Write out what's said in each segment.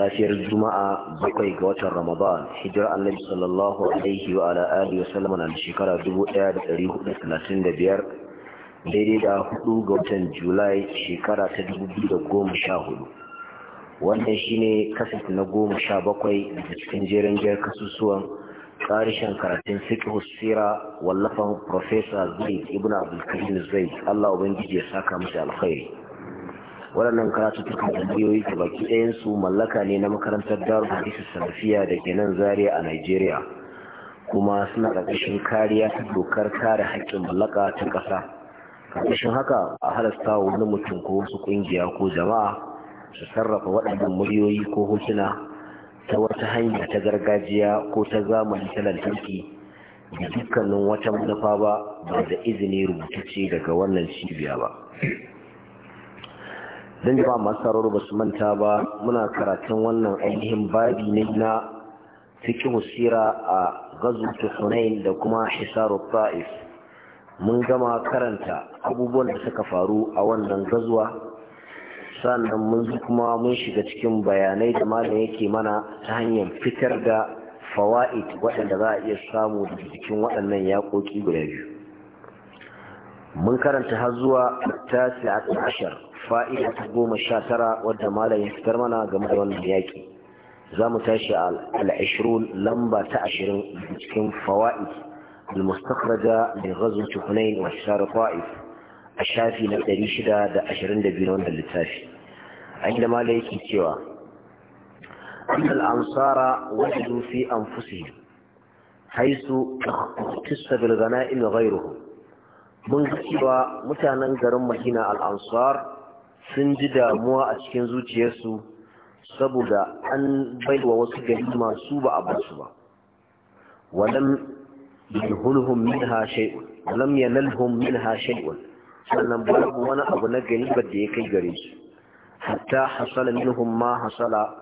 safiyar juma'a bakwai ga watan ramadan hijira annabi sallallahu alaihi wa ala alihi wa sallama na shekara 1435 daidai da hudu ga watan julai shekara ta 2014 wannan shine kasat na goma sha bakwai daga cikin jerin jiyar kasusuwan karishen karatun fiqh sira wallafan professor zaid ibn abdulkarim zaid Allah ubangiji ya saka masa alkhairi waɗannan karatuttuka da biyoyi ta baki ɗayansu mallaka ne na makarantar daru hadisi salafiya da ke nan zaria a nigeria kuma suna ƙarƙashin kariya ta dokar kare haƙƙin mallaka ta ƙasa ƙarƙashin haka a halasta wani mutum ko wasu ƙungiya ko jama'a su sarrafa waɗannan muryoyi ko hotuna ta wata hanya ta gargajiya ko ta zamani ta lantarki da dukkanin wata manufa ba ba da izini rubutacce daga wannan cibiya ba don ba masu sararo ba su manta ba muna karatun wannan ainihin babi ne na fikin sira a gazutu hunain da kuma hisaru ta'if mun gama karanta abubuwan da suka faru a wannan gazuwa sannan mun kuma mun shiga cikin bayanai da malam yake mana ta hanyar fitar da fawa'id waɗanda za a iya samu da cikin waɗannan yaƙoƙi guda biyu mun karanta har zuwa ta tasirat ashar fa'ida ta goma sha tara wadda malam fitar mana game da wannan yaƙi za mu tashi a al'ashirun lamba ta ashirin cikin fawa'id al-mustakhraja li ghazwati hunain wa shar ta'if a shafi na 622 na wannan littafi a inda malam yake cewa al-ansara wajadu fi anfusihim حيث اختص بالغنائم غيرهم mun ga cewa mutanen garin madina al'ansar sun ji damuwa a cikin zuciyarsu saboda an baiwa wasu gari masu ba a basu ba walam yalhulhum minha shay'un walam yanalhum minha shay'un sannan babu wani abu na garibar da ya kai gare su hatta hasala minhum ma hasala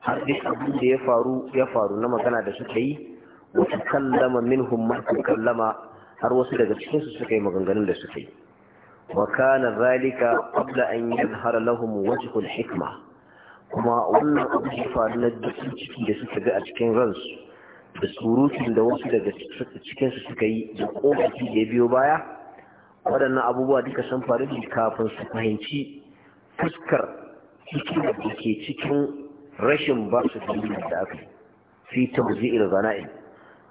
har duk abin da ya faru ya faru na magana da suka yi wa takallama minhum ma kallama. har wasu daga cikinsu suka yi maganganun da suka yi wa kana zalika qabla an yadhhara lahum wajhul hikma kuma wannan abu ya faru na duk cikin da suka ga a cikin ransu da surutun da wasu daga cikinsu suka yi da kofafi da ya biyo baya waɗannan abubuwa duka sun faru ne kafin su fahimci fuskar ciki da ke cikin rashin ba su da aka yi fi tamzi'il zana'in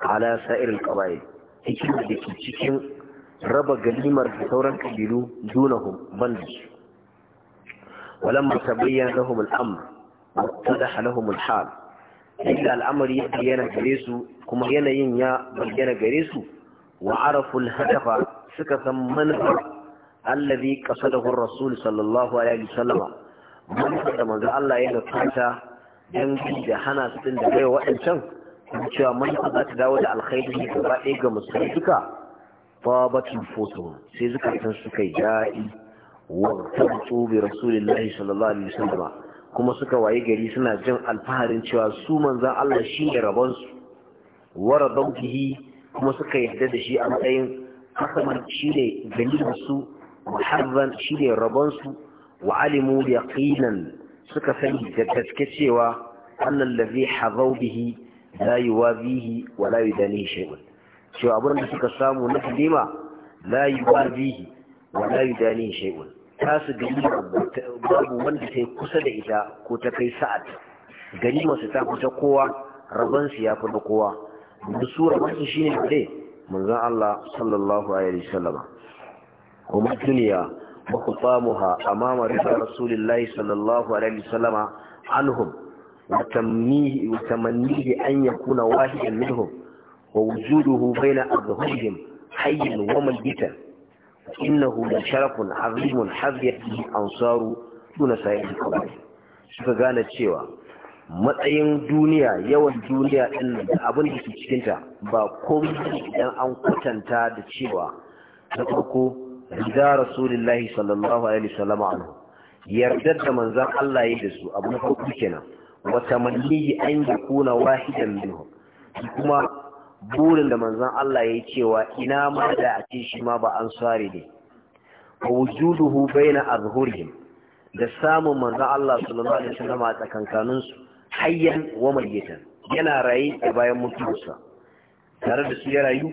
ala sa'ir al-qaba'il hikima da ke cikin raba galimar da sauran kabilu dunahum ban da su walan masu bayyana lahum al'amur wa tadaha lahum al'hal inda al'amur ya bayyana gare su kuma yanayin ya bayyana gare su wa araful hadafa suka san manufar allazi qasadahu ar-rasul sallallahu alaihi wasallam manufar da manzo Allah ya fata dan da hana su da kai waɗancan kuma cewa manufa za ta dawo da alkhairi gaba ɗaya ga musulmi duka fa batun foto sai zukatan suka yi daɗi wa tabtu bi rasulillahi sallallahu alaihi wasallam kuma suka waye gari suna jin alfaharin cewa su manzan Allah shi ne rabon su wa rabbihi kuma suka yarda da shi a matsayin hasaman shi ne dalilin su muharran shi ne rabon su wa alimu yaqinan suka sani da gaske cewa annal ladhi hazaw bihi la yuwazihi wa la yudanihi shay'un cewa abin da suka samu na kadima la yuwazihi wa la yudanihi shay'un ta su ganima babu wanda ta yi kusa da ita ko ta kai sa'ad ganima su ta kusa kowa rabon su ya fi na kowa da sura masu shine dai manzon Allah sallallahu alaihi wasallama kuma duniya wa qutamuha amama rasul sallallahu alaihi wasallama anhum وتمنيه أن يكون واحدا منهم ووجوده بين أظهرهم حيا وميتا إنه لشرف عظيم حظيت به أنصار دون سائر القبائل suka gane cewa matsayin duniya yawan duniya ɗin da abin da ke cikinta ba komai idan an kwatanta da cewa na farko rida rasulullahi sallallahu alaihi wasallam yarda da manzon Allah ya da su abu na farko kenan Wata tamannihi an kuna wahidan minhum kuma burin da manzon Allah yayi cewa ina ma da a ce shi ma ba an sare ne wa wujuduhu baina azhurihim da samun manzon Allah sallallahu alaihi wasallam a tsakankanin su hayyan wa mayyitan yana raye da bayan mutuwarsa tare da su ya rayu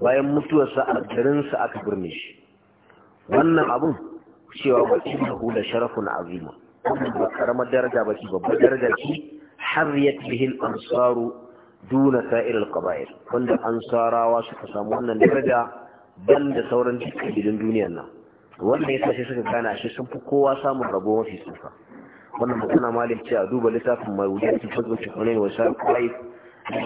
bayan mutuwarsa a garinsa aka birne shi wannan abun cewa wa innahu la sharafun azima wannan ba karamar daraja ba shi, babbar daraja shi, har harriyat bihil ansaru duna sa'ir al-qaba'ir wanda ansarawa suka samu wannan daraja ban da sauran dukkan gidan duniyar nan wannan yasa sai suka gana shi sun fi kowa samun rabo mafi tsufa wannan magana malam ce a duba littafin mai wujen cikin fadwacin hunain wasa kwaif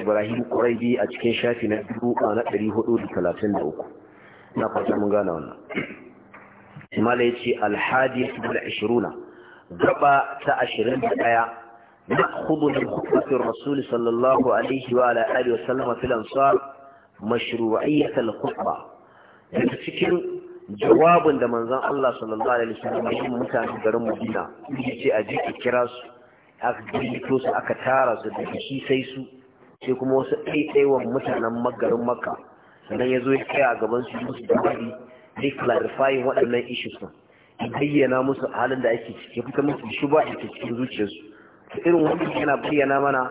ibrahim kuraibi a cikin shafi na dubu a na ɗari hudu da talatin da uku na fata mun gane wannan malam ya ce alhadi da gaba ta ashirin da ɗaya نأخذ من خطبة الرسول صلى الله عليه وعلى آله وسلم في الأنصار مشروعية الخطبة تفكر جواب da manzon Allah sallallahu alaihi wa wasallam ya mutane garin Madina yace a je ki kira su aka gito su aka tara su da shi sai su sai kuma wasu ɗaiɗaiwan mutanen magarin Makka sannan ya zo ya kai a gaban su musu da wani dai clarifying waɗannan issues bayyana musu halin da ake ciki fitar fita musu shi ba da cikin zuciyarsu irin wannan yana bayyana mana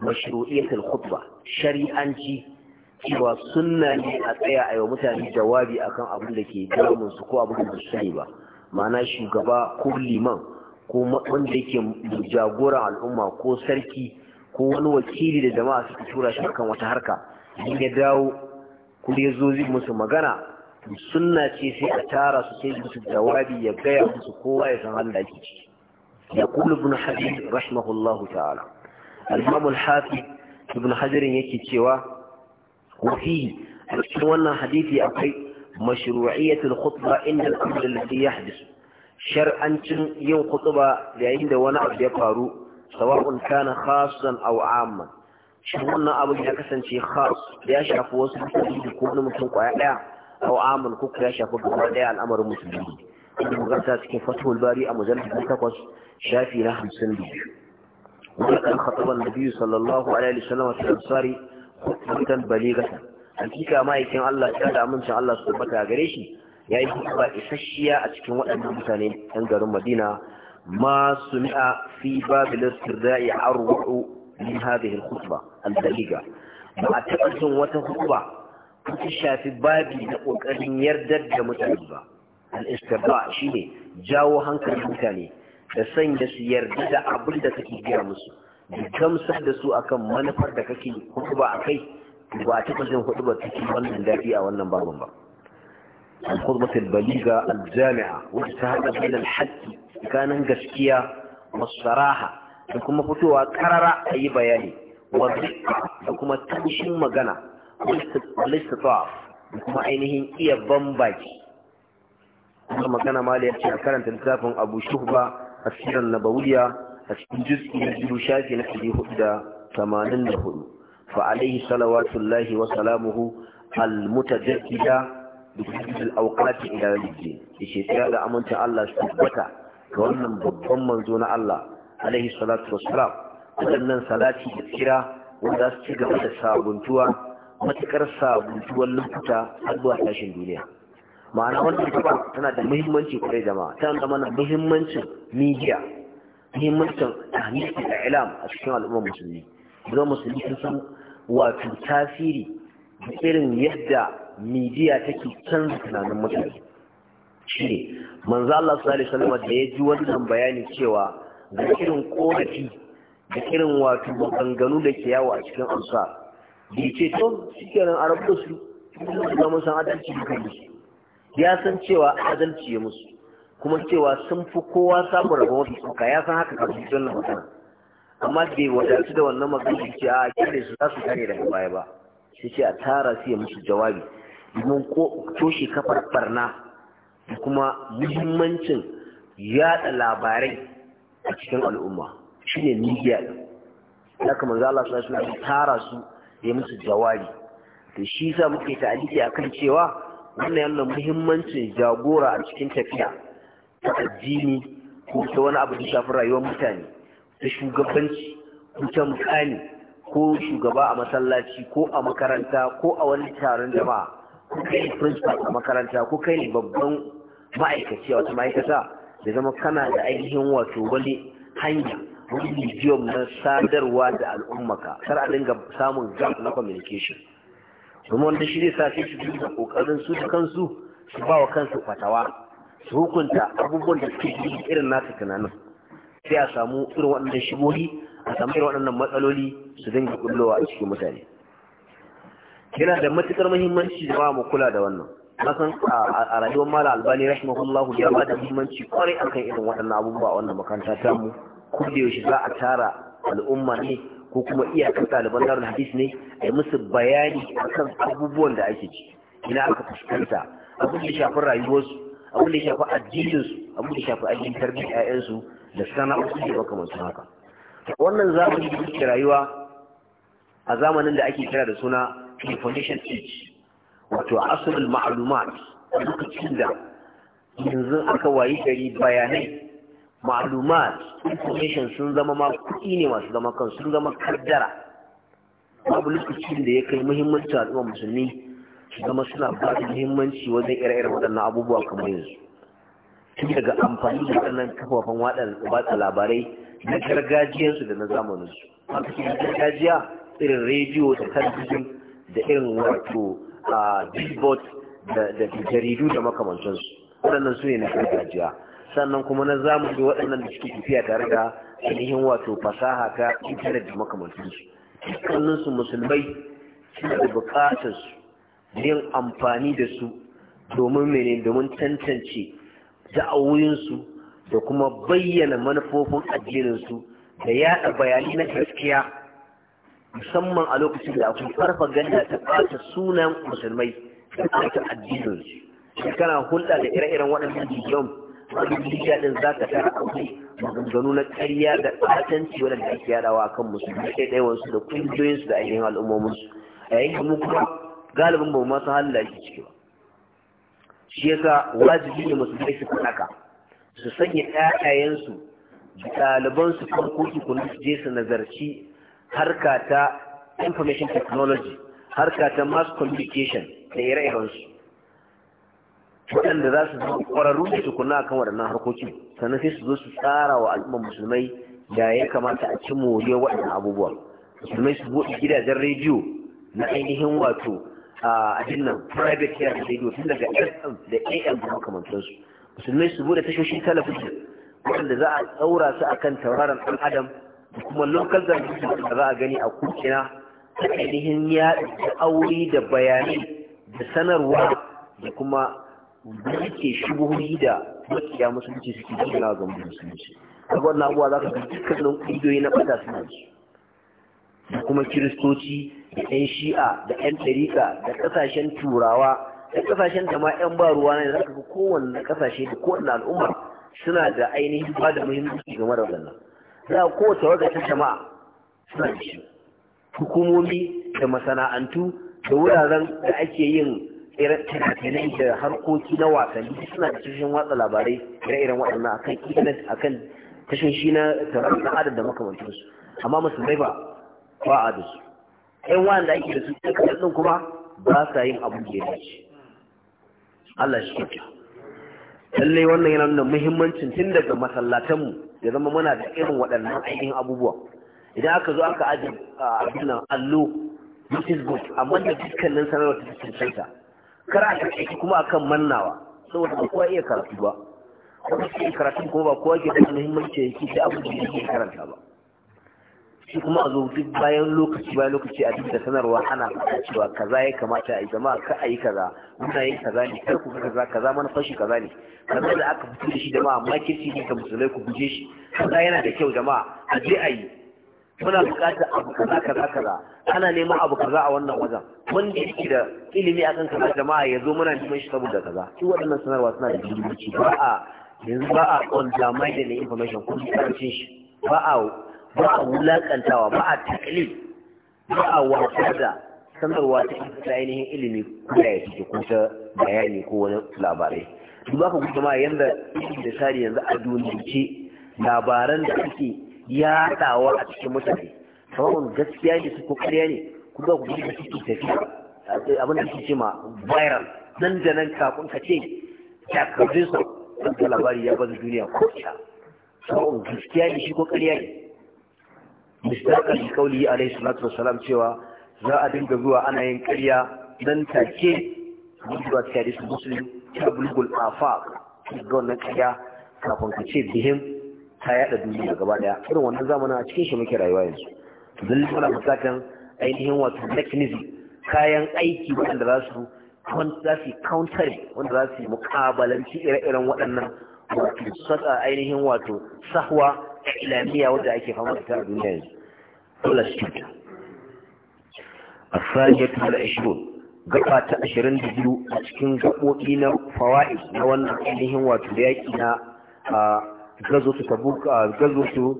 mashru'iyatul khutba shari'anci cewa sunna ne a tsaya a mutane jawabi akan abin da ke damun su ko abin da su ba ma'ana shugaba ko liman ko wanda yake jagoran al'umma ko sarki ko wani wakili da jama'a suka tura shi akan wata harka ya dawo kuma ya zo zai musu magana sunna ce sai a tara su sai musu jawabi ya gaya musu kowa ya san Allah ke ci ya kulu ibn hajar rahimahullahu ta'ala al-imam al ibn hajar yake cewa wa a cikin wannan hadisi akwai mashru'iyatul khutba inda al-amr alladhi yahdath shar'ancin yin khutba yayin da wani abu ya faru sawa'un kana khassan aw 'amman shin wannan abu ya kasance khas ya shafi wasu mutane ko wani mutum kwaya daya aw amul kuku ya shafi gaba daya al'amarin musulmi ibn garta cikin fathul bari a mujallad 8 shafi na 52 ولقد خطب النبي صلى الله عليه وسلم في الأنصار خطبة بليغة hakika ma'aikin Allah ya da amincin Allah su tabbata gare shi ya yi ba isasshiya a cikin waɗannan mutane ɗan garin Madina ma suni'a fi babil sirda'i arwa'u min hadhihi al-khutba al-daliga ba a wata khutba sun shafi babi na ƙoƙarin yardar da mutane ba al'istarba shi ne jawo hankali mutane da sanya su yarda da abinda da kake gaya musu da gamsar da su akan manufar da kake hudu ba a kai ba a taɓa jin hudu ba cikin wannan daɗi a wannan baban ba al-khudmatul baliga al-jami'a wata ta haɗa bayan al-haqqi tsakanin gaskiya masaraha da kuma fitowa karara ayi bayani wa da kuma tashin magana walistafa da kuma ainihin iya bambaki kuma magana ma da ya ce a karanta littafin abu shuhba a siran nabawiya a cikin juz'i na biyu shafi na ɗari hudu da tamanin da hudu fa alaihi salawatullahi wa salamuhu al-mutajaddida bi kulli al-awqati ila al-din yace sai da aminta Allah su tabbata ga wannan babban manzo na Allah alaihi salatu wassalam wadannan salati da kira wanda su ci gaba da sabuntuwa matuƙar sabutuwar lokuta har zuwa tashin duniya ma'ana wannan gaba tana da muhimmanci kwarai da ma, tana da mana muhimmancin media muhimmancin ahmiyar da ilam a cikin al'ummar musulmi zuwa musulmi sun san wato tasiri da irin yadda media take canza tunanin mutane shi ne manzo Allah sallallahu alaihi wasallam da ya ji wannan bayani cewa ga irin korafi da irin wato maganganu da ke yawo a cikin amsa bai ce to shi kenan a rabu su da mun san adalci da kan musu ya san cewa adalci ya musu kuma cewa sun fi kowa samun rabon wasu suka ya san haka kafin sun na magana amma bai wadatu da wannan magana ce a kire su za su kare daga baya ba sai ce a tara su ya musu jawabi domin ko toshe kafar barna da kuma muhimmancin yada labarai a cikin al'umma shine media ya kamar za Allah su tara su ya musu jawari to shi sa muke a kan cewa wannan yana muhimmancin jagora a cikin tafiya ta addini ko ta wani abu da shafi rayuwar mutane ta shugabanci ko ta mukami ko shugaba a masallaci ko a makaranta ko a wani taron jama'a ko kai ne principal a makaranta ko kai ne babban ma'aikaci a wata ma'aikata da zama kana da ainihin wato wani hanya wani na sadarwa da al'ummaka kar a dinga samun gap na communication kuma wanda shi ne sai su kokarin su da kansu su ba wa kansu fatawa su hukunta abubuwan da suke yi irin nasu tunanin sai a samu irin waɗannan shigori, a samu irin waɗannan matsaloli su dinga kullowa a cikin mutane yana da matukar muhimmanci da mu kula da wannan san a rayuwar mala albani rahimahullahu ya ba da muhimmanci kwarai akan irin waɗannan abubuwa wannan makaranta mu. ko da yaushe za a tara al'umma ne ko kuma iyakar ɗaliban na hadis ne a yi musu bayani akan abubuwan da ake ci ina aka fuskanta abin da shafi rayuwarsu abin da shafi addininsu abin da shafi ajin tarbiyyar 'ya'yansu da sana'o'i da makamancin haka wannan zamani da ke rayuwa a zamanin da ake kira da suna information age wato asalin ma'lumat lokacin da yanzu aka wayi gari bayanai ma'alumat information sun zama ma kuɗi ne masu zama kan sun zama kaddara babu lokacin da ya kai muhimmanci al'ummar musulmi su zama suna ba da muhimmanci wajen ire-iren waɗannan abubuwa kamar yanzu tun daga amfani da waɗannan kafafen ta labarai na gargajiyarsu da na zamaninsu haka su gargajiya irin rediyo da talabijin da irin wato ah, billboard da jaridu da makamantansu waɗannan su ne na gargajiya sannan kuma na zamani waɗannan da suke tafiya tare da ainihin wato fasaha ta intanet da makamantansu dukkaninsu musulmai suna da buƙatar su yin amfani da su domin mene domin tantance da'awoyinsu da kuma bayyana manufofin addininsu da yaɗa bayanai na gaskiya musamman a lokacin da akwai ganda ta ɓata sunan musulmai da ɓata addininsu kana hulɗa da ire-iren waɗannan jiyon wannan din za ka tara akwai maganganu na ƙarya da ɓatanci wadanda ake yadawa kan musulmi ɗaya ɗaya wasu da ƙungiyoyinsu da ainihin al'ummominsu a yayin mu kuma galibin ba mu masu halin da ciki ba shi yasa wajibi ne musulmai su faɗaka su sanya ƴaƴayensu ɗalibansu farko tukuna su je su nazarci harka ta information technology harka ta mass communication da ire-irensu waɗanda za su zo ƙwararru da tukuna kan waɗannan harkokin sannan sai su zo su tsara wa al'ummar musulmai da ya kamata a ci moriya waɗannan abubuwa musulmai su buɗe gidajen rediyo na ainihin wato a abin nan private care radio tun daga fm da am da makamantansu musulmai su buɗe tashoshin talabijin waɗanda za a tsaura su akan tauraron ɗan adam da kuma local television da za a gani a kukina ta ainihin yaɗa da aure da bayanai da sanarwa da kuma da ake shubuhi da makiya musulunci suke na ga musulunci a wannan abuwa za ka fi dukkanin ƙungiyoyi na ɓata suna su da kuma kiristoci da 'yan shi'a da 'yan ɗarika da ƙasashen turawa da ƙasashen da ma ƴan ba ruwa ne za ka ga kowanne ƙasashe da kowanne al'umma suna da ainihin ba da muhimmanci game da wannan za a kowace ta jama'a suna da shi hukumomi da masana'antu da wuraren da ake yin irin tana-tana da harkoki na wasanni suna da cikin watsa labarai ire-iren waɗannan akan intanet akan tashoshi na taron al'adar da makamantansu amma musulmai ba ba a da su ɗan wanda ake da su ɗan kaɗan ɗin kuma ba sa yin abu da ya dace Allah shi kyauta lallai wannan yana nuna muhimmancin tun daga masallatanmu ya zama muna da irin waɗannan ainihin abubuwa idan aka zo aka ajiye a abin allo which is good amma da dukkanin sanarwa ta cancanta kar a kashe shi kuma akan mannawa saboda ba kowa iya karatu ba kuma shi karatu kuma ba kowa ke da muhimmanci yake da abu da yake karanta ba shi kuma a zo duk bayan lokaci bayan lokaci a duk da sanarwa ana faɗa cewa kaza ya kamata a yi jama'a ka a yi kaza muna yin kaza ne kar ku kaza kaza manufar shi kaza ne kaza da aka fito da shi jama'a makirci ne ka musulai ku guje shi kaza yana da kyau jama'a a je a yi muna buƙatar abu kaza kaza kaza ana neman abu kaza a wannan wajen wanda yake da ilimi akan kaza jama'a ya zo muna neman shi saboda kaza shi waɗannan sanarwa suna da muhimmanci ba a yanzu ba a on undermine ne information ko karancin shi ba a ba a wulakantawa ba a takli ba a wasa da sanarwa ta ta ainihin ilimi ko ya ko ta bayani ko wani labarai duk ka gudu jama'a yanda da sari yanzu a ce labaran da ake ya haɗawa a cikin mutane sawa'un gaskiya ne su ko ƙarya ne kuma ku da suke tafiya eh, abin da suke ce viral nan da nan kafin ka ce takardun sa wanda labari ya bazu duniya ko ta sawa'un gaskiya ne shi ko ne ne mistaƙar kauli alaihi salatu wasalam cewa za a dinga zuwa ana yin ƙarya nan take zuwa cikin hadisin muslim ta bulgul afaq ga wannan ƙarya kafin ka ce bihim ta yada duniya gaba daya irin wannan zamanin a cikin shi muke rayuwa yanzu dan muna bukatan ainihin wato mechanism kayan aiki wanda za su za su counter wanda za su mukabalanci ire-iren waɗannan wato saka ainihin wato sahwa ta ilamiya wadda ake fama da ta a duniya yanzu Allah shi kyauta da والعشرون gaba ta ashirin da biyu a cikin gaɓoɓi na fawa'i na wannan ainihin wato da yaƙi na ah, غزوة تبوك غزوة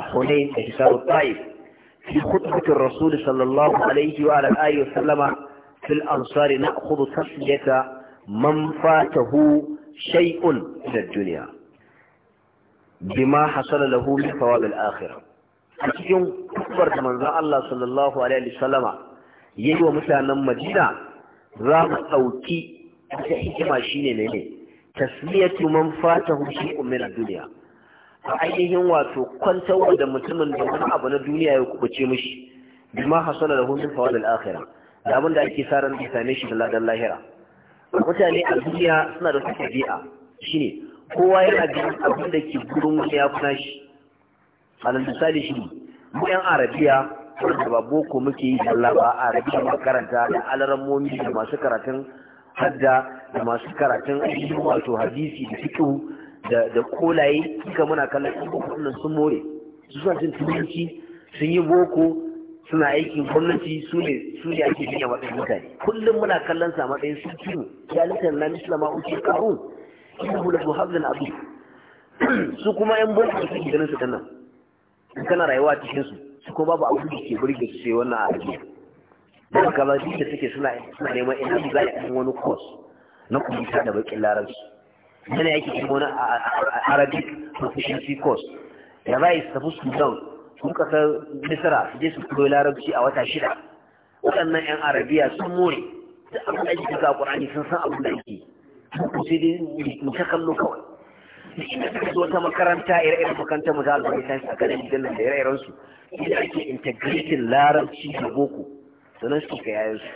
حنين حساب الطائف في خطبة الرسول صلى الله عليه وعلى آله وسلم في الأنصار نأخذ تصلية من فاته شيء من الدنيا بما حصل له من ثواب الآخرة cikin kubar da manzon Allah sallallahu alaihi wasallama yayi wa mutanen Madina za mu dauki ta hikima shine ne tasmiyatu man fatahu shay'un a ainihin wato kwantar da mutumin da wani abu na duniya ya kubuce mishi ma hasala da min fawal al-akhirah da abin da ake sa da same shi da ladan lahira mutane a duniya suna da bi'a shine kowa yana da abin da ke gurin wani ya kuna shi alal misali shi mu yan arabiya wanda ba boko muke yi Allah ba arabiya ma karanta da alarammomi da masu karatun hadda da masu karatun ainihin wato hadisi da fiqh da kolaye duka muna kallon ɗan boko ɗin sun more su suna cin turanci sun yi boko suna aikin gwamnati su ne su ne ake wa matsayin mutane kullum muna kallon sa matsayin su kiwo ya littar na mislama uke karun ina hula su hazin abu su kuma yan boko su ke ganin su tana kana rayuwa cikin su su kuma babu abu da ke burge su sai wannan arabiya da makamanci da suke suna neman ina za a yi wani kos na kuma da bakin larabci yana yake kuma wani arabic proficiency course da za su tafi sun kasa misira su je su koyi larabci a wata shida waɗannan 'yan arabiya sun more da abin da ake a ƙur'ani sun san abin da ake sun kusa da mu ta kallo kawai da inda suka zo ta makaranta ire-iren makarantar mu ta albarka a academy din nan da ire-iren su inda ake integrating larabci da boko sannan suke ga yayin su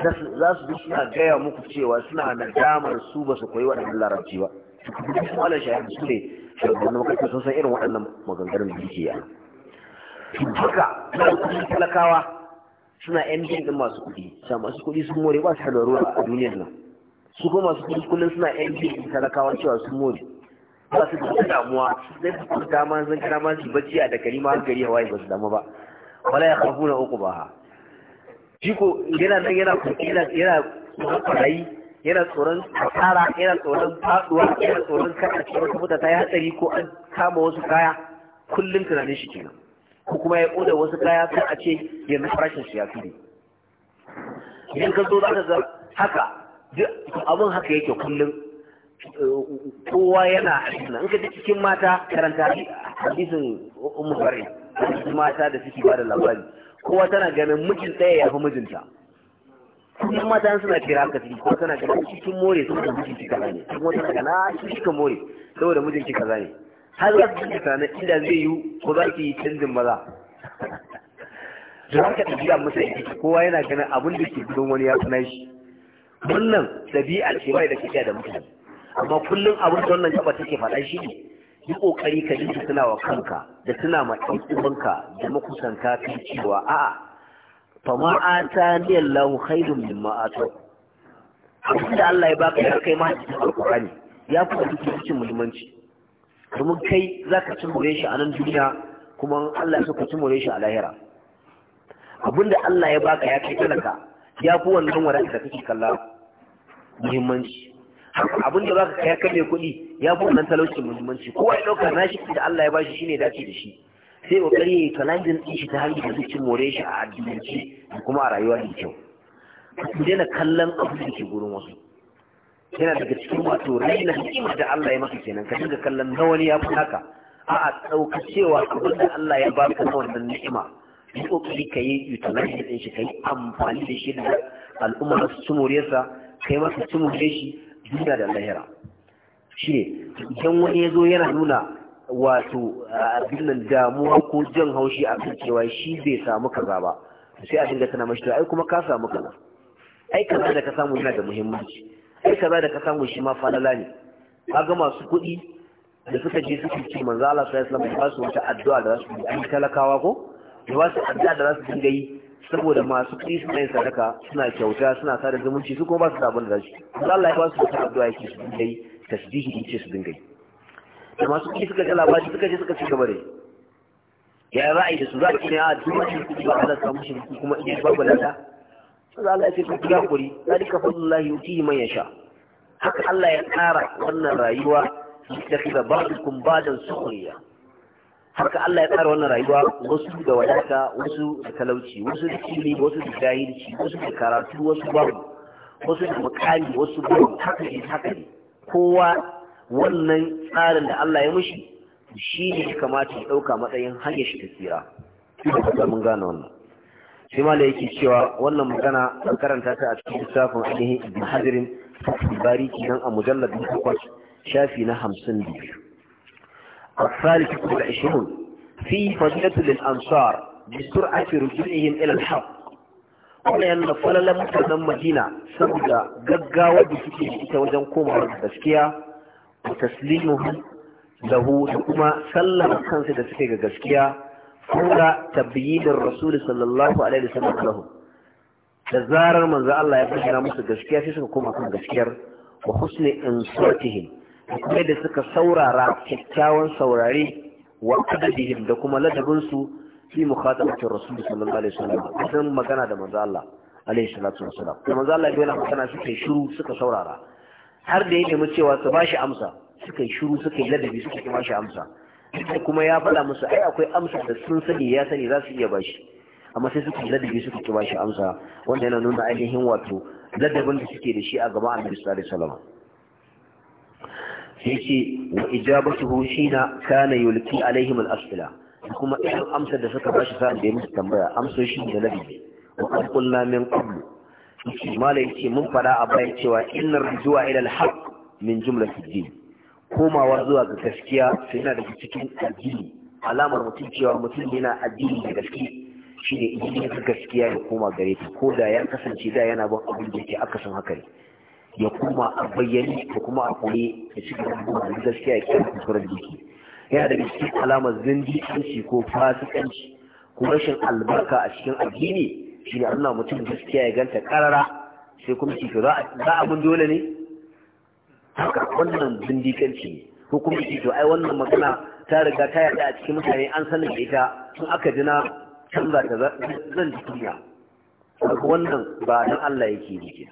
za su bi suna gaya muku cewa suna nadamar su ba su koyi waɗannan larabci ba su ala shahid su ne shugaban makarantar sun san irin waɗannan maganganun da yake yana haka na kuɗi talakawa suna yan jin ɗin masu kuɗi sa masu kuɗi sun more ba su da ruwa a duniyar nan su kuma masu kuɗi kullum suna yan jin talakawa cewa sun more ba su da damuwa sai su kuɗi dama zan kira ma su bacci a da kalima gari hawaii ba su damu ba wala ya kafu na uku ba jiko yana nan yana yana yana tsoron yana tsoron asara yana tsoron faduwa yana tsoron kada wata ta yi hatsari ko an kama wasu kaya kullum tunanin shi kenan ko kuma ya oda wasu kaya sai a ce yanzu farashin su ya fi idan ka zo za ka ga haka abin haka yake kullum kowa yana hadisi in ka ji cikin mata karanta hadisin umar farin mata da suke ba da labari kowa tana ganin mijin ɗaya ya fi mijinta kuma mata suna kira haka ciki kuma tana ganin cikin more saboda mijin ki kaza ne kuma tana gana ah, shi kika more saboda mijin ki kaza ne har za ki tunanin inda zai yi ko za ki yi canjin maza ka haka ɗabi'a masa yake kowa yana ganin abin da ke gudun wani ya tsana shi wannan ɗabi'a ce bai da kike da mutane amma kullum abin da wannan kaba take faɗa shi ne yi kokari ka yi tuna wa kanka da tuna ma ɗan da makusan kafin cewa a'a fa ma ata ni Allahu khairum mimma ata abin da Allah ya baka ya kai ma cikin alƙur'ani ya fi da cikin muhimmanci domin kai ka ci more shi a nan duniya kuma Allah ya saka ci more shi a lahira abin da Allah ya baka ya kai talaka ya fi wannan wadata da kake kalla muhimmanci abin da baka kai ka mai kuɗi ya fi wannan talauci muhimmanci kowa ya ɗauka na shi da Allah ya ba shi shine dace da shi sai kokari ya yi kalajin ɗin shi ta hanyar da zai more shi a addinci da kuma a rayuwa da kyau ku daina kallon abu da ke gurin wasu yana daga cikin wato raina hikima da Allah ya maka kenan ka dinga kallon na wani ya fi haka a ɗaukacewa abin da Allah ya ba ka wannan ni'ima yi kokari ka yi utilizing ɗin shi ka yi amfani da shi da al'umma su ci moriyarsa kai masa ci more shi duniya da lahira shine idan wani ya zo yana nuna wato abin nan damuwa ko jan haushi a kan cewa shi bai samu kaza ba sai a dinga tana mashi ai kuma ka samu kaza ai kaza da ka samu yana da muhimmanci ai kaza da ka samu shi ma falala ne kaga masu kuɗi da suka je suka ce manzo Allah sallallahu alaihi wasallam ba su wata addu'a da su yi ai talakawa ko da ba su addu'a da su dinga yi saboda masu kuɗi suna yin sadaka suna kyauta suna sada zumunci su kuma ba su da abin da za su Allah ya ba su wata addu'a yake su dinga yi tasbihi in ce su dinga yi da masu kuɗi suka ga labari suka je suka ci gaba da ya za a da su za a ce a duk wani kuɗi ba Allah samu shi kuma idan babu lada sai Allah ya ce ku ya kuri zalika fadlullahi yutihi man yasha haka Allah ya tsara wannan rayuwa da kida ba'dukum ba'dan sukhriya haka Allah ya tsara wannan rayuwa wasu da wadata wasu da talauci wasu da kimi wasu da jahilci wasu da karatu wasu babu wasu da makami wasu babu haka ne haka ne kowa wannan tsarin da Allah ya mushi shi ne kamata ya ɗauka matsayin hanyar shi ta tsira da mun gane wannan shi ma da yake cewa wannan magana an karanta ta a cikin lissafin ainihin ibn hajarin fatul bari kenan a mujallar bin takwas shafi na hamsin biyu a tsari da ashirin fi fadilatul ansar bi sur'ati rujuihim ila al-haqq wanda da falalan mutanen madina saboda gaggawa da suke ita wajen komawa da gaskiya da taslimuhu da kuma sallama kansa da suke ga gaskiya fura tabyinin rasul sallallahu alaihi wasallam lahu da zarar manzo Allah ya bayyana musu gaskiya sai suka koma kan gaskiyar wa husni insurtihim kuma da suka saurara kyakkyawan saurare wa adadihim da kuma ladabinsu fi mukhatabatin rasul sallallahu alaihi wasallam sun magana da manzo Allah alaihi salatu wasallam da manzo Allah yana magana suka yi shiru suka saurara har da ya nemi cewa su bashi amsa suka shiru suka yi ladabi suka bashi amsa kuma ya faɗa musu ai akwai amsa da sun sani ya sani za su iya bashi amma sai suka ladabi suka ki bashi amsa wanda yana nuna ainihin wato ladabin da suke da shi a gaba annabi sallallahu alaihi wasallam sai ce wa shi na kana yulki alaihim al-asila kuma irin amsar da suka bashi sa'an da ya musu tambaya amsar shi da nabi wa an kulla min qablu malai yace mun fada a bayan cewa inna rujuwa ila al-haq min jumlati din komawa zuwa ga gaskiya sai yana da cikin addini alamar mutum cewa mutum yana addini da gaskiya shi ne idan ya gaskiya ya koma gare ta ko da ya kasance da yana ban abin da yake akasin haka ne ya koma a bayyane ko kuma a koye ya ci gaba da gaskiya ya kira kusurar jiki yana daga cikin alamar zindiƙanci ko fasikanci ko rashin albarka a cikin addini shi ne Allah mutum gaskiya ya ganta karara sai kuma shi za a mun dole ne haka wannan zindiƙanci ne ko kuma shi to ai wannan magana ta riga ta yaɗa a cikin mutane an sanin da ita tun aka ji na canza ta zan ji duniya haka wannan ba dan Allah yake yi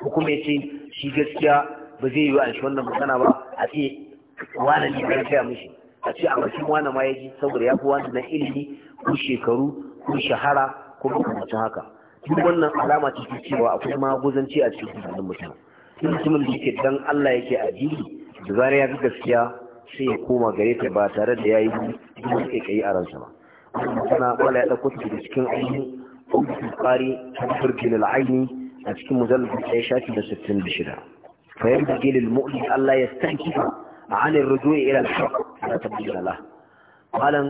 ko kuma ya ce shi gaskiya ba zai yi wa shi wannan magana ba a ce wani ne ya gaya mishi a ce a bakin wani ma ya ji saboda ya fi wani na ilimi ko shekaru ko shahara ko makamacin haka duk wannan alama ce cewa akwai maguzanci a cikin tunanin mutum duk mutumin da yake dan Allah yake addini da zarar ya ga gaskiya sai ya koma gare ta ba tare da ya yi duk kai a ransa ba wannan tana ya dauko ta daga cikin ainihin Bukhari Tabbar bin al-Aini a cikin mujallad da ya shafi da 66 fa yanda gilil mu'min Allah ya stanki عن الرجوع إلى الحق لا تبديل له malam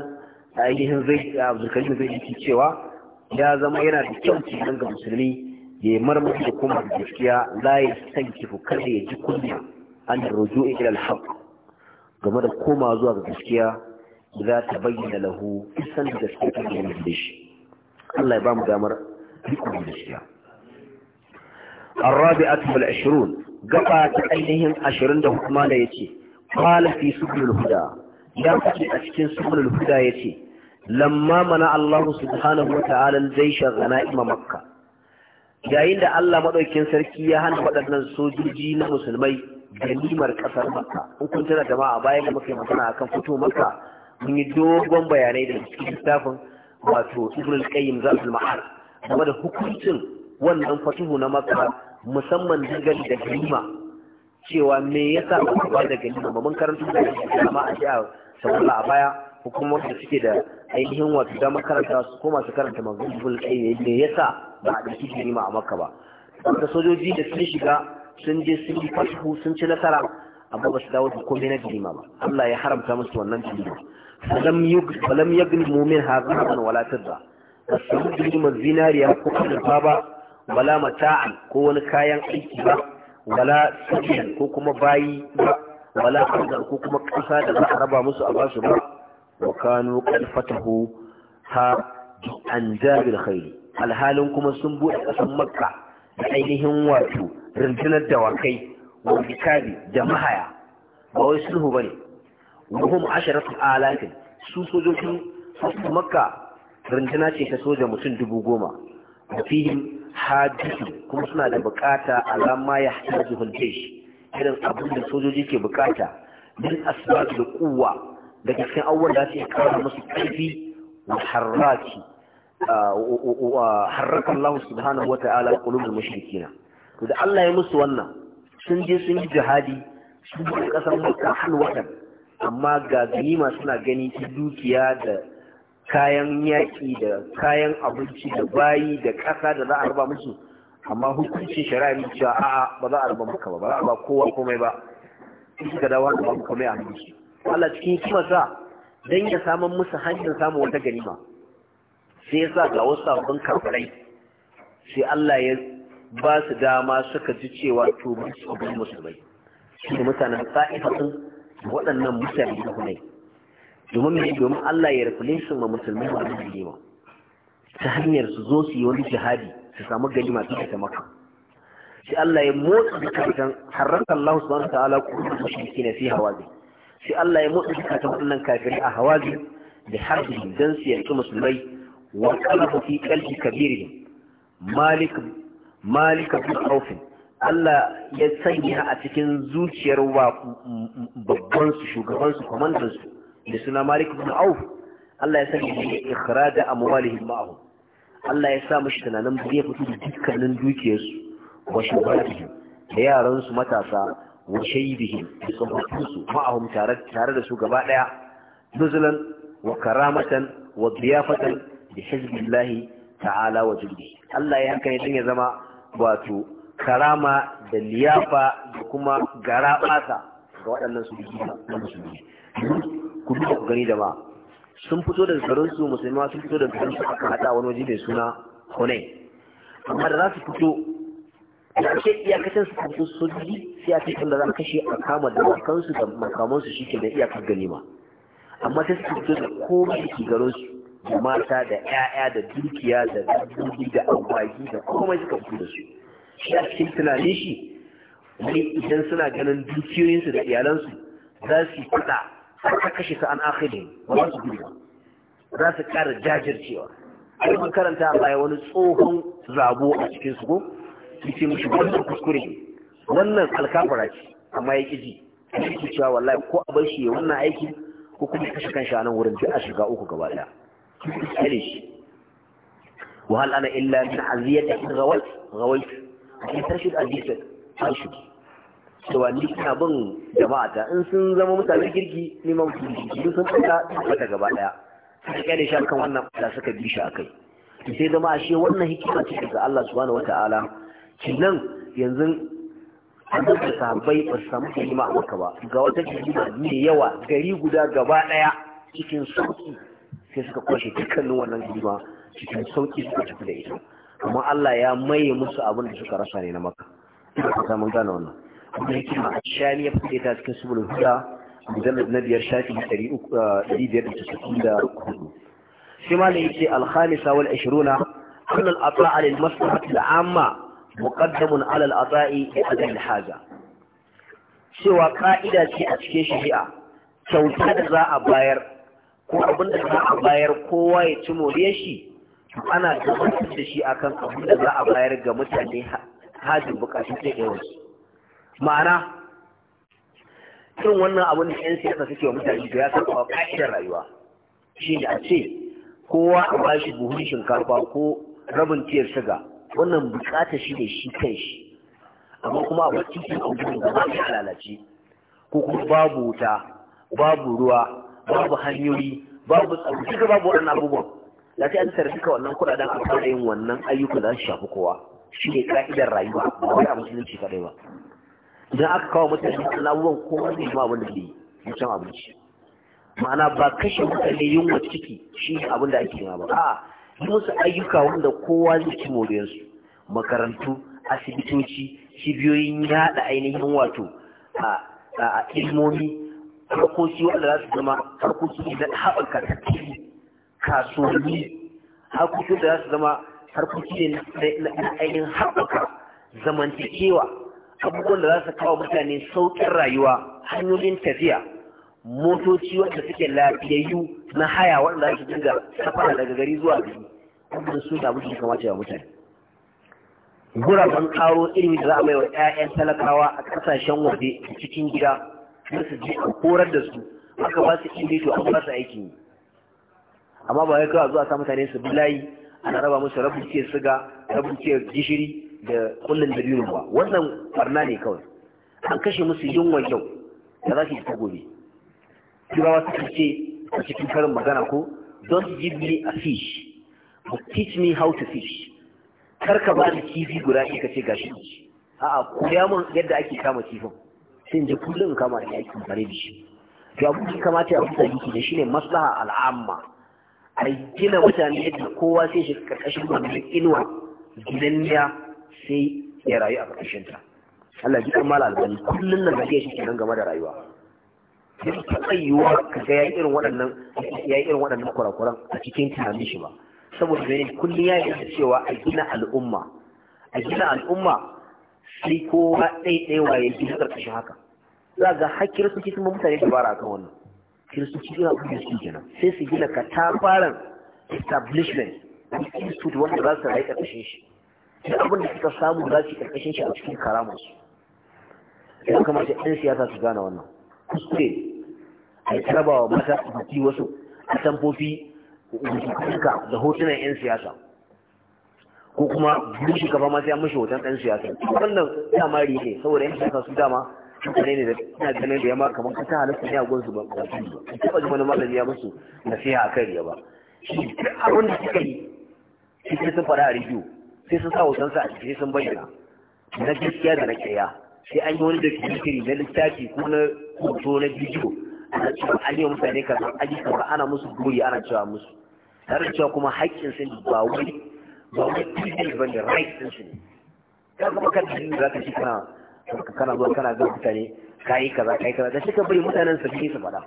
ainihin zai abdulkarim zai yi cewa ya zama yana da kyau kenan ga musulmi ya marmari da kuma gaskiya la ya san kifu kada ya ji kunya an da ruju ila alhaq game da koma zuwa ga gaskiya za ta bayyana lahu isan da gaskiya ta da Allah ya ba mu damar gaskiya الرابعة والعشرون قطعت أينهم عشرين دهما لا يتي qala fi subul huda ya kace a cikin subul huda yace lamma mana Allah subhanahu wa ta'ala zaisha makka yayin da Allah maɗaukin sarki ya hana waɗannan sojoji na musulmai ganimar kasar makka in jama'a bayan da muka yi magana akan fito makka mun yi dogon bayanai da cikin littafin wato ibn kayyim qayyim zalul ma'ar game da hukuncin wannan fatuhu na makka musamman dangane da ganima cewa me yasa ba ku ba da ganima ba mun karanta da dama a jiya saboda a baya hukumar da suke da ainihin wato da makaranta su koma su karanta magulbul kai me yasa ba a dauki ganima a makka ba da sojoji da sun shiga sun je sun yi fashu sun ci nasara amma ba su dawo da komai na ganima ba Allah ya haramta musu wannan ganima falam yug falam yagni mu'min hazaban wala tadda basu ganima zinariya ko azurfa ba bala mata'an ko wani kayan aiki ba wala sakin ko kuma bayi ba wala ko kuma ƙasa da za a raba musu a basu ba wa kanu qad ha an jabil khairi alhalin kuma sun buɗe ƙasar makka da ainihin wato rundunar dawakai wa bikabi da mahaya ba wai sulhu bane wa hum asharatu alafin su sojojin makka runduna ce ta soja mutum dubu goma a fihim hadisu kuma suna da bukata alama ya hajji huljesh irin abin da sojoji ke bukata min asbab da kuwa daga cikin awon da su kara musu karfi wa harraki harraka Allah subhanahu wata'ala qulubul mushrikina to da Allah ya musu wannan sun je sun yi jihadi sun je kasar Makka halwatan amma ga ganima suna gani dukiya da kayan yaƙi da kayan abinci da bayi da ƙasa da za a raba musu amma hukuncin shari'a ne cewa a'a ba za a raba maka ba ba za a ba kowa komai ba in ka dawo ba komai a shi Allah cikin hikima sa dan ya samun musu hanyar samun wata ganima sai ya sa ga wasu sabbin karfarai sai Allah ya ba su dama suka ji cewa to musulmai musulmai su mutanen sa'ifatin waɗannan mutane da hunai domin mai domin Allah ya rufe ma musulmai ba da gima ta hanyar su zo su yi wani jihadi su samu ganima su ta maka sai Allah ya motsa zukatan harranta Allah subhanahu wa ta'ala ku da mushriki na fi hawazi sai Allah ya motsa zukatan wannan kafirai a hawazi da har harbi don su yanki musulmai wa qalabu fi qalbi kabirihim malik malik bin auf Allah ya sanya a cikin zuciyar babban su shugaban su komandan su da suna malik ibn auf Allah ya sani da ikhraja amwalihim ma'ahum Allah ya sa mushi tunanin zai fito da dukkanin dukiyarsu wa shubatihim da yaran su matasa wa shaybihim da tsofaffin su ma'ahum tare tare da su gaba daya nuzulan wa karamatan wa diyafatan bi hizbillahi ta'ala wa jilli Allah ya haka ne ya zama wato karama da liyafa da kuma garabata ga waɗannan su na musulmi ku da ku gani jama'a sun fito da garin su musulma sun fito da garin su aka hada wani waje mai suna Hunain amma da za su fito da ake iyakacin su fito sojoji sai a cikin da za a kashe a kama da kansu da makamansu shi ke da iyakar gani ba. amma sai su fito da komai da ke garin su da mata da 'ya'ya da dukiya da dabbobi da agwagi da komai suka fito da su shi a cikin tunanin shi wani idan suna ganin dukiyoyinsu da iyalansu za su yi kuɗa har ka kashe ka an akhiri ba za su gudu ba za su kara jajircewa ai mun karanta a baya wani tsohon zabo a cikin su ko yace mushi wannan kuskure wannan alkafara ce amma ya kiji yake cewa wallahi ko a bar shi ya wannan aiki ko kuma ya kashe kanshi a nan wurin duk a shiga uku gaba daya kare shi وهل انا الا من عزيتك غويت غويت ان ترشد ازيتك ترشد cewa ni ina bin jama'a ta in sun zama mutane girki, ni ma mutum kirki sun tsaka wata gaba daya sai kyale shi akan wannan da suka bi shi akai to sai zama ashe wannan hikima ce daga Allah subhanahu wataala nan yanzu an da sahabbai ba su samu hikima a maka ba ga wata hikima mai yawa gari guda gaba daya cikin sauki sai suka kwashe dukkanin wannan hikima cikin sauki suka tafi da ita amma Allah ya maye musu abin da suka rasa ne na maka. Ina ka samun gane wannan. kuma yake ma shani ya ta cikin subul huda mujallad na biyar shafi ɗari uku eh, ɗari biyar da casa'in da hudu Sai ma da yake alhamisa wal ashiruna أن الأطاع للمصلحة العامة مقدم على الأطاع لأجل ƙa'ida سوى a cikin أشكي شفيئة da za a bayar ko abin da za a bayar kowa ya ci more shi ana gabatar da shi akan abin da za a bayar ga mutane hajin bukatun da yawansu ma'ana irin wannan abin da 'yan siyasa suke wa mutane da ya saba wa ka'idar rayuwa shi ne a ce kowa a bashi buhun shinkafa ko rabin tiyar shiga wannan bukata shi ne shi kan shi amma kuma a wasu cikin abubuwan da ba shi lalace ko kuma babu wuta babu ruwa babu hanyoyi babu tsaro duka babu waɗannan abubuwan da ta an tarfi ka wannan kuɗaɗen a fara yin wannan ayyuka za su shafi kowa shi ne ka'idar rayuwa ba wai a musulunci kaɗai ba idan aka kawo mutane Allah abubuwan kowa zai zama abin da zai yi can abinci ma'ana ba kashe mutane yunwa ciki shi ne abin da ake nema ba a yi wasu ayyuka wanda kowa zai ci moriyarsu makarantu asibitoci cibiyoyin yada ainihin wato a ilmomi harkoki wanda za su zama harkoki da haɓaka tattali kasuwanni harkoki da za su zama harkoki ne na ainihin haɓaka zamantakewa abubuwan da za su kawo mutane sauƙin rayuwa hanyoyin tafiya motoci wanda suke lafiyayyu na haya wanda za su dinga safara daga gari zuwa gari wanda su da mutum kamata ya mutane guraben karo ilimi da za a baiwa 'ya'yan talakawa a kasashen waje a cikin gida don su ji a korar da su aka ba su ilimi to an ba su aikin yi amma ba ya kawai zuwa sa mutane su bi layi ana raba musu rabin ke siga rabin ke gishiri da kullun dabino ba wannan barna ne kawai an kashe musu yunwa yau da za su yi ta gobe turawa suka ce a cikin karin magana ko don't give me a fish but teach me how to fish kar ka bani kifi guda ɗaya ka ce gashi shi a'a koya mun yadda ake kama kifin sai in kullum kama da ake bare da shi to abu da kamata ya fita yiki da shine maslaha al'amma a gina mutane yadda kowa sai shi karkashin wannan inuwa gidanniya sai ya rayu a ƙarƙashin ta Allah ji kamar albani kullun nan zai shi kenan game da rayuwa sai ka taɓa yiwuwa ka ga yayi irin waɗannan yayi irin waɗannan kurakuran a cikin tunanin shi ba saboda mene kullun ya yi cewa a gina al'umma a gina al'umma sai kowa ɗaiɗaiwa ya gina ƙarƙashin haka za ga har kiristoci sun mutane dabara akan wannan kiristoci suna kuma su kenan sai su gina katafaren establishment institute wanda za su rayu ƙarƙashin shi duk abin da suka samu za su karkashin shi a cikin karamarsu ya kamata yan siyasa su gane wannan kuskure a yi tarabawa mata baki wasu a tamfofi da hotunan yan siyasa ko kuma duk kafa ma sai an mashi hoton ɗan siyasa wannan mari ne saboda yan siyasa su dama mutane ne da ina ganin da yamma kamar kasa halittu ne a gunsu ba ba su taɓa ji wani malami ya musu nasiha a kan riya ba shi duk abin da suka yi shi sun fara a rijiyo? sai sun sa sa a cikin sun bayyana na gaskiya da na kaya sai an yi wani da kirkiri na littafi ko na hoto na bidiyo ana cewa an yi mutane kaza an yi kaza ana musu gori ana cewa musu tare da cewa kuma haƙƙin sun ba wani ba wani privilege ba ne right sun su ka kuma kan jini za ka shi kana kana zuwa kana ga mutane kayi kaza kayi kaza da shi ka bari mutanen su fi su faɗa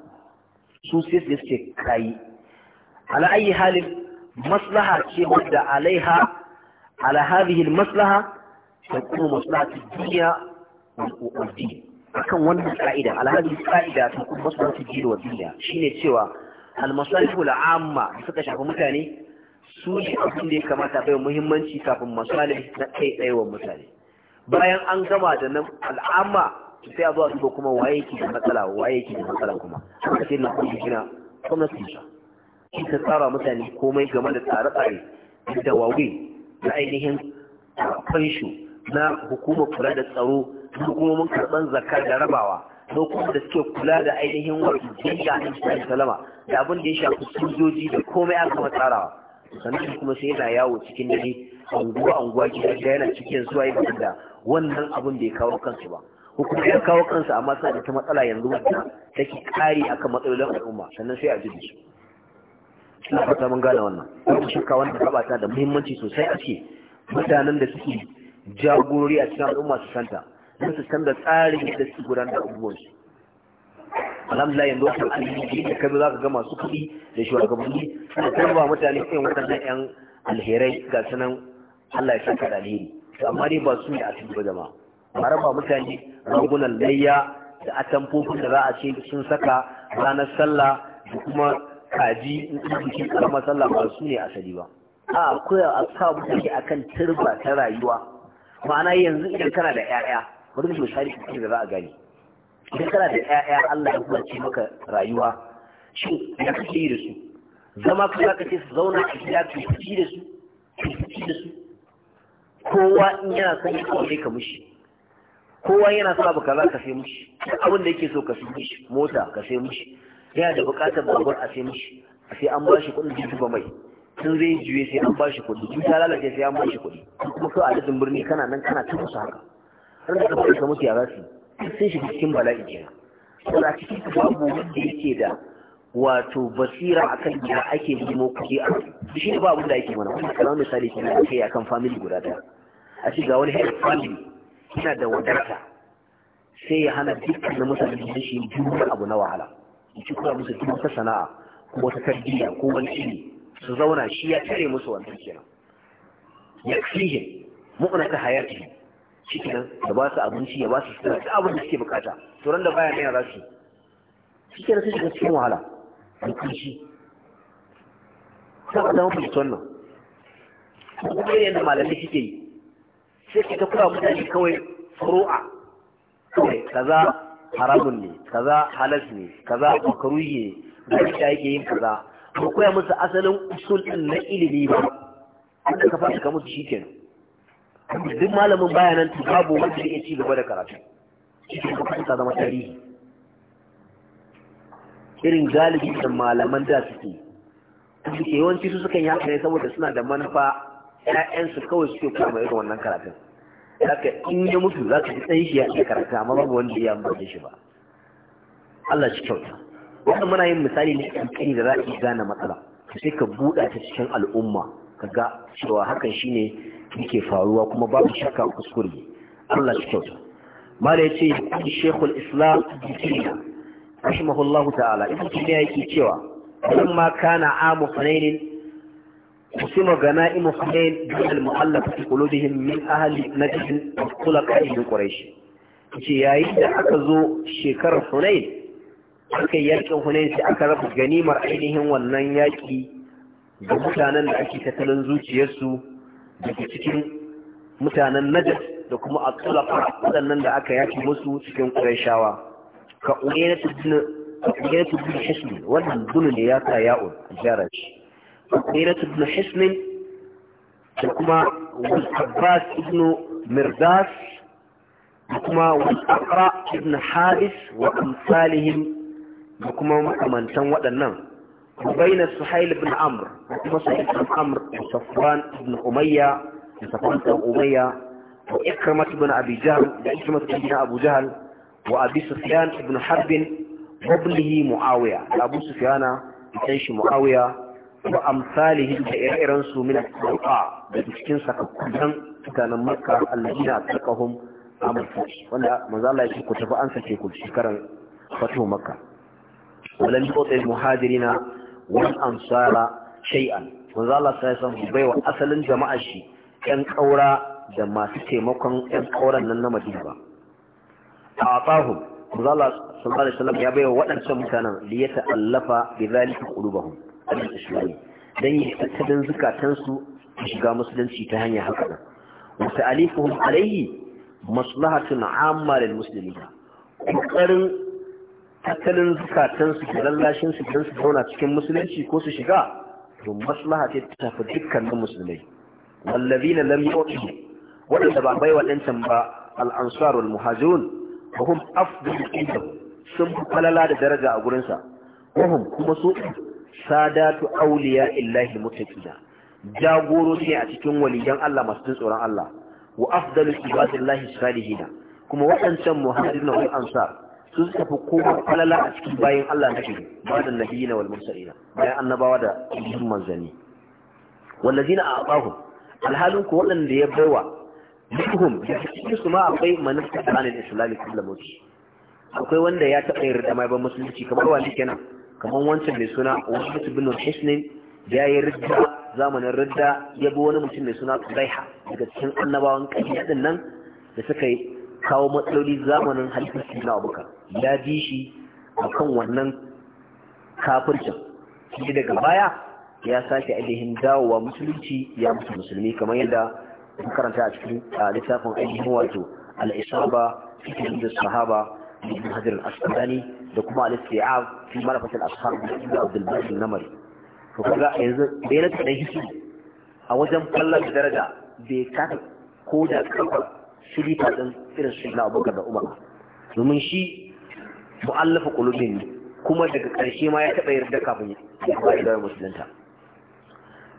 su sai su ce kayi ala ayi halin maslaha ce wadda alaiha على هذه المصلحة تكون مصلحة الدنيا والدين akan wannan ka'ida alhaji ka'ida ta kuma masalatu jini wa duniya shine cewa almasalihu al'amma suka shafi mutane su ne abin da ya kamata bai muhimmanci kafin masalih na kai tsayewan mutane bayan an gama da nan al'amma sai a zuwa duba kuma waye yake da matsala waye yake da matsala kuma haka sai na kuma gina gwamnati shi ta tsara mutane komai game da tsare-tsare da wawe na ainihin fanshu na hukumar kula da tsaro da mun karɓar zakar da rabawa da kuma da suke kula da ainihin wato ya na cikin salama da abin da ya shafi sojoji da komai aka tsarawa sannan kuma sai yana yawo cikin dare anguwa anguwa gida yana cikin zuwa yi da wannan abin da ya kawo kansu ba ko ya kawo kansu amma suna da ta matsala yanzu wadda take kari akan matsalolin al'umma sannan sai a ji su ina fata mun gane wannan wata shakka wanda gaba bata da muhimmanci sosai a ce mutanen da suke jagorori a cikin al'umma su santa don su san da tsarin yadda suke gudanar da abubuwansu alhamdulillah yanzu wasu alhamdulillah da kabi za ka ga masu kuɗi da shugabanni da tambawa mutane irin waɗannan 'yan alherai ga sanan Allah ya saka da alheri to amma dai ba su ne a cikin jama'a ba raba mutane ragunan layya da atamfofin da za a ce sun saka ranar sallah da kuma kaji bikin karamar sallah ba su ne asali ba a koya a sa mutane akan turba ta rayuwa ma'ana yanzu idan kana da 'ya'ya bari mu misali da za a gani idan kana da 'ya'ya Allah ya kuma maka rayuwa shin ya kake yi da su zama ka za ka ce su zauna a gida ka yi da su fici da su kowa in yana son ya yi ka mushi kowa yana son abu kaza ka sai mushi abin da yake so ka sai mushi mota ka sai mushi ya da buƙatar babur a sai mishi a sai an bashi kuɗin da ba mai sun zai juye sai an bashi kuɗi in ta lalace sai an bashi kuɗi kuma kawai a dajin birni kana nan kana ta musu haka har da kafa ka mutu ya za su sun shiga cikin bala'i kenan saboda a cikin babu wanda yake da wato basira akan ya ake nemo kuɗi a shi ne ba abin da ake mana wani kalamar misali kenan ake yi akan family guda ɗaya a ce ga wani head family yana da wadarta sai ya hana dukkan na mutane shi duk abu na wahala ki kuma musu duk wata sana'a ko wata tarbiyya ko wani ilimi su zauna shi ya tare musu wannan kenan yakfihim ta hayatihim shikenan da ba su abinci ya ba su sutura duk abin da suke bukata to ran da baya mai za su kenan sai shiga cikin wahala da kishi sai ka zama fahimci wannan ne yadda malamai suke yi sai ka ta kura mutane kawai furu'a kawai kaza haramun ne kaza halas ne kaza makruhi ne da shi yake yin kaza ba koya musu asalin usul din na ilimi ba wanda ka fara ka musu shikenan duk malamin baya nan to babu wanda yake ci gaba da karatu shi ka ta zama tarihi irin galibi da malaman da suke suke yawanci su sukan yi haka ne saboda suna da manufa ƴaƴansu kawai suke kuma irin wannan karatun haka in ya mutu za ka ji ɗan ya iya karanta amma babu wanda ya ambace shi ba Allah shi kyauta wannan muna yin misali ne kankani da za a iya gane matsala sai ka buɗa ta cikin al'umma ka ga cewa hakan shine yake faruwa kuma babu shakka kuskure Allah shi kyauta mala yace shekul islam dikina rahimahullahu ta'ala ibn tayyib yake cewa lamma kana amu hunainin قسم غنائم حنين بين المؤلف في قلوبهم من أهل نجد na من قريش ce yayin da aka zo shekarar hunain aka yakin hunain sai aka raba ganimar ainihin wannan yaki da mutanen da ake tattalin zuciyarsu daga cikin mutanen najas da kuma a waɗannan da aka yaki musu cikin ƙurashawa ka ƙungiyar tubbin wannan ne ya sa a shi عقيلة بن حسن وكما والعباس بن مرداس وكما والأقرع بن حارس وأمثالهم وكما مكمن تنوأ النام وبين سحيل بن عمرو وكما سحيل بن عمرو وصفوان بن أمية وصفوان بن أمية وإكرمة بن أبي جهل وإكرمة بن أبو جهل وأبي سفيان بن حرب وابنه معاوية أبو سفيان يتنشي معاوية wa amsalihi da ire-iren su min al-qa da cikin sakakkudan mutanen makka alladina takahum amsu wanda manzo Allah ya ce ku tafi an sake ku shekaran fatu makka walan tuqi muhajirina wal ansara shay'an manzo Allah sai san bai wa asalin jama'a shi yan kaura da masu taimakon yan kauran nan na Madina ba a atahum manzo Allah sallallahu alaihi wasallam ya bai wa waɗancan mutanen liyata allafa bi zalika qulubahum alal islami dan yi tattalin zukatansu shiga musulunci ta hanya haka nan wa ta'alifuhum alayhi maslahatun amma lil muslimina kokarin tattalin zukatansu da lallashin su don su zauna cikin musulunci ko su shiga to maslaha ce ta tafi dukkanin musulmai wallazina lam yu'tu wadanda ba bai wadancan ba al-ansar wal muhajirun wa hum afdalu sun falala da daraja a gurinsa wahum kuma su sadatu awliya illahi jagoro jagorori a cikin waliyan Allah masu tsoron Allah wa afdalu ibadillahi salihina kuma waɗancan muhajirin wal ansar su suka fi kowa falala a cikin bayan Allah na gari bayan nabiyina wal mursalina bayan annabawa da cikin manzanni wallazina a'tahu alhalin ku waɗanda ya baiwa minhum da cikin su ma akwai manasta anil islami kullu muti akwai wanda ya taɓa yarda mai ban musulunci kamar wani kenan kamar wancan mai suna wahid bin hisnin ya yi ridda zamanin ridda ya bi wani mutum mai suna Quraiha daga cikin annabawan kadiya din nan da suka yi kawo matsaloli zamanin halittar na abuka ya bi shi akan wannan kafircin shi daga baya ya sake ainihin dawowa musulunci ya mutu musulmi kamar yadda karanta a cikin littafin ainihin wato alisaba isaba da sahaba a hajar al da kuma al-isti'ab fi marafat al-ashar da Ibn Abdul na al-Namari to kaga yanzu da yana da hisu a wajen kallon daraja bai kata ko da kafa shiri ta dan irin shi na Abubakar da Umar domin shi mu'allafa qulubin kuma daga ƙarshe ma ya taɓa yarda kafin ya fara da musulunta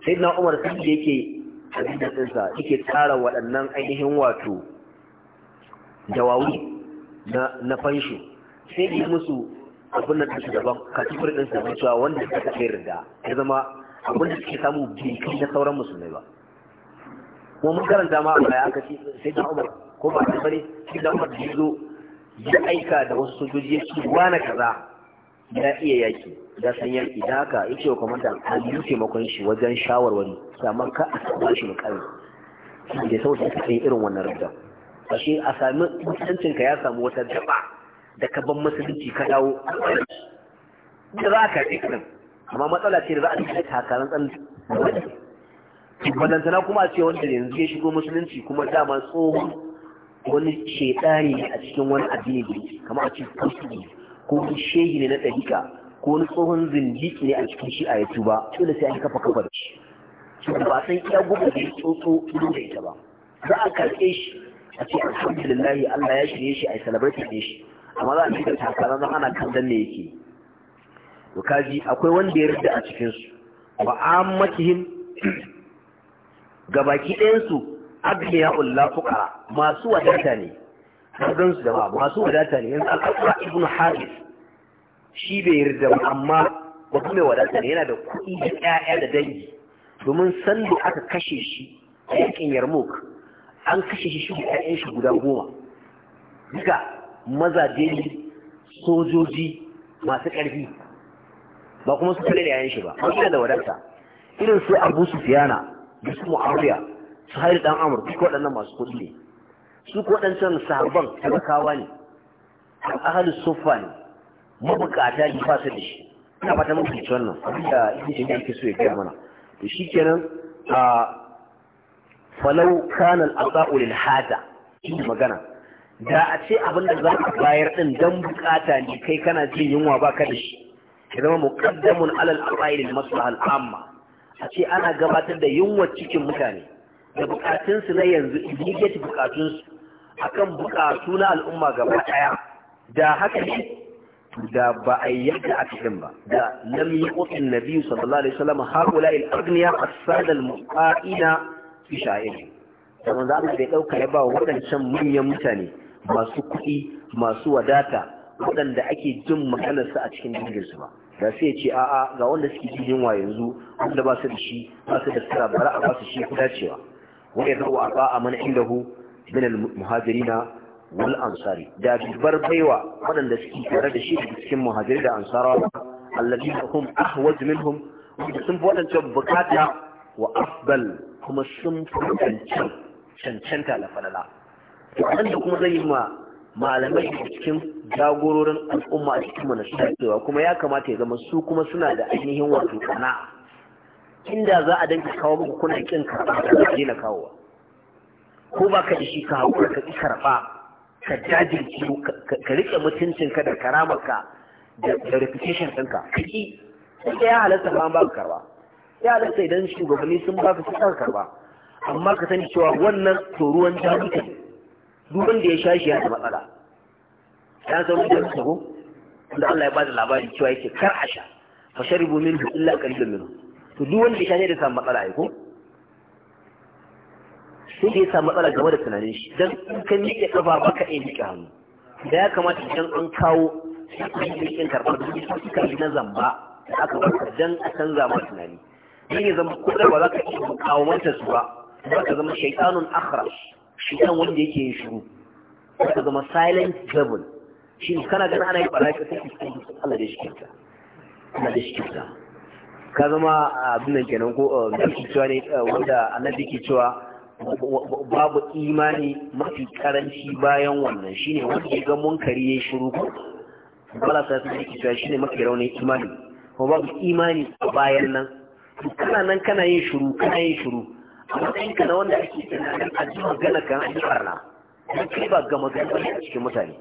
sayyidina Umar sai yake abinda tsinsa yake tsara waɗannan ainihin wato dawawi na na sai yi musu abin da tashi daban katifar ɗin su daban cewa wanda suka kai riga ya zama abin da suke samu bai kai na sauran musulmai ba kuma mun karanta ma a baya aka ce sai da umar ko ba ta bari shi da umar da zo ya aika da wasu sojoji ya ce wani kaza ya iya yaki ya san yaki da haka ya ce wa kwamanda a yi taimakon shi wajen shawarwari saman ka a saba shi mukami da saboda ya kai irin wannan rubda ashe a sami mutuncinka ya samu wata jaba da ka ban musulunci ka dawo da za ka yi kan amma matsala ce da za a cikin takarar tsan na kuma a ce wanda yanzu ya shigo musulunci kuma dama tsohon wani shaidani ne a cikin wani addini da kama a cikin fasiki ko wani shehi ne na ɗarika ko wani tsohon zindiki ne a cikin shi a yatu ba dole sai an kafa kafa da shi so da ba san iya gubu da tsotso ido da ita ba za a karɓe shi a ce alhamdulillah Allah ya shirye shi a yi salabar ne shi amma za a shiga takara zan ana kan me yake to kaji akwai wanda ya rida a cikin su an makihin gabaki ɗayan su ya ulla fuqara masu wadata ne Ɗan su da ba masu wadata ne yanzu al-aqra haris shi bai yarda ba amma wata mai wadata ne yana da kuɗi da ƴaƴa da dangi domin sanda aka kashe shi a yakin yarmouk an kashe shi shi da ƴaƴan shi guda goma duka mazaje sojoji masu ƙarfi ba kuma su kare da yayin shi ba an suna da wadarta irin su abu su fiyana da su mu'awiya su hairu dan amurka duk waɗannan masu kuɗi ne su ko waɗancan sahabban talakawa ne ahalin sufa ne mabukata ne ba su da shi ina fata mun fahimci wannan da ibn yake so ya gaya mana to shikenan a falau kana al-asa'u lil hada shi magana da a ce abin da za ka bayar din dan bukata ne kai kana jin yunwa baka da shi ya zama muqaddamun alal aqail maslaha amma a ce ana gabatar da yunwa cikin mutane da bukatun su na yanzu immediate bukatun su akan bukatu na al'umma gaba daya da haka ne da ba a yadda a cikin ba da lam yuqin nabi sallallahu alaihi wasallam haula al aghniya as-sada al muqaina fi sha'ir da manzo Allah bai dauka ya ba wadancan manyan mutane masu kuɗi masu wadata waɗanda ake jin maganarsa a cikin danginsu ba da sai ya ce a'a ga wanda suke jin yunwa yanzu wanda ba su da shi ba su da sira bara a ba su shi ku dacewa wa ya zawo a ba a mana indahu min al-muhajirina wal ansari da bar baiwa waɗanda suke tare da shi daga cikin muhajiri da ansarawa alladina hum ahwaj minhum wanda sun fi waɗancan bukata wa afdal kuma sun fi cancanta da falala to da kuma zai yi ma malamai a cikin jagororin al'umma a cikin mana cewa kuma ya kamata ya zama su kuma suna da ainihin wato kana inda za a danka kawo muku kuna kin karɓa ka je na kawowa ko ba ka da shi ka haƙura ka ƙi karɓa ka jajirce ka riƙe mutuncinka da karamarka da reputation ɗinka ka sai ya halatta ba ba ka karɓa ya halatta idan shugabanni sun ba ka karɓa amma ka sani cewa wannan to ruwan jami'a duk wanda ya sha shi ya da matsala ya san wanda ya sabo wanda Allah ya bada labari cewa yake kar a sha fa sharibu minhu illa qalilun minhu to duk wanda ya sha shi da samu matsala ai ko sai da ya samu matsala game da tunanin shi dan in ka miƙe kafa ka iya miƙe hannu da ya kamata idan an kawo shi ka yi kin karɓar duk wani kashi na zamba da aka baka dan a canza ma tunani dan ne zama ko da ba za ka iya kawo manta su ba za ka zama shaitanun akhrash shi kan wanda yake yin shiru ta zama silent devil shi kana gana ana yin barayi ka kusa Allah da shi kinta Allah da shi kinta ka zama ah, abin nan kenan ko da ah, ke cewa ne ah, wanda annabi ke cewa babu imani mafi karanci bayan wannan Shi ne wanda ya ga munkari ya shiru ko Allah sai su ke cewa ne mafi raunin imani ko babu imani bayan nan kana nan kana yin shiru kana yin shiru a matsayin ka na wanda ake tunanin a magana kan an yi barna don kai ba ga gani a cikin mutane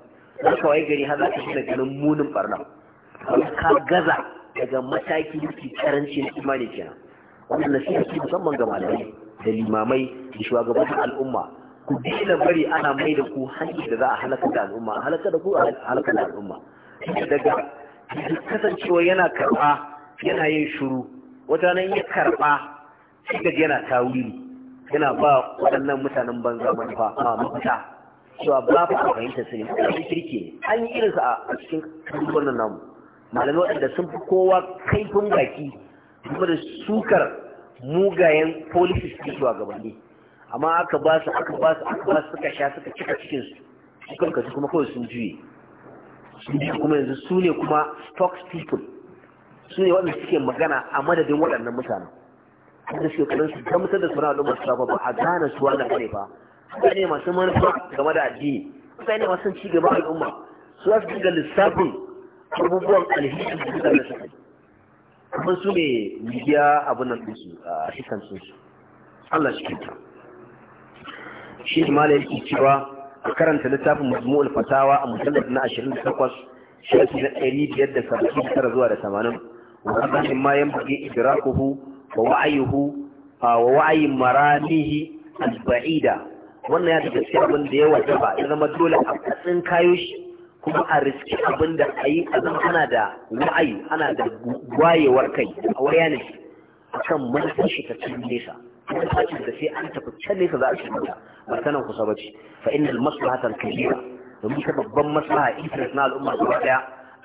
don kawai gari har za ka shi da ganin munin barna ka gaza daga mataki yake karanci na imani kenan wannan nasiha ce musamman ga malamai da limamai da shugabannin al'umma ku daina bari ana mai da ku hanyar da za a halaka da al'umma a halaka da ku a halaka da al'umma daga kasancewa yana karɓa yana yin shuru wata nan ya karɓa sai yana tawuri yana ba waɗannan mutanen banza manufa a mafita cewa ba fa fahimta su ne mutanen kirki an yi irinsa a cikin wannan namu malamai waɗanda sun fi kowa kaifin baki kuma da sukar mugayen policies su zuwa gabanni amma aka ba su aka ba su aka ba su suka sha suka cika cikin su suka kasu kuma kawai sun juye sun juye kuma yanzu su ne kuma stock people su ne waɗanda suke magana a madadin waɗannan mutanen da shekarunsu, su ta mutar da suna al'ummar su ba a gane su wannan ne ba mutane masu manufa game da addini mutane masu ci gaba al'umma su za su dinga lissafin abubuwan alheri da suka da suka kuma su ne biya abin nan su a hikan sun su Allah shi kinta shi ne mala yake cewa a karanta littafin majmu'ul fatawa a musallar na 28 shafi na 579 zuwa da 80 wa ma yan bugi idrakuhu wa wa'ayuhu wa wa'ayi maramihi al-ba'ida wannan ya da gaske abin da ya wajaba ya zama dole a katsin kayo shi kuma a riski abin da a yi a zama ana da wa'ayi ana da wayewar kai a waya ne a kan manufar shi ta cin nesa wani sacin da sai an tafi nesa za a ci mata ba ta nan kusa ba ce fa innal maslahatan kabira domin ta babban maslaha interest na al'umma gaba daya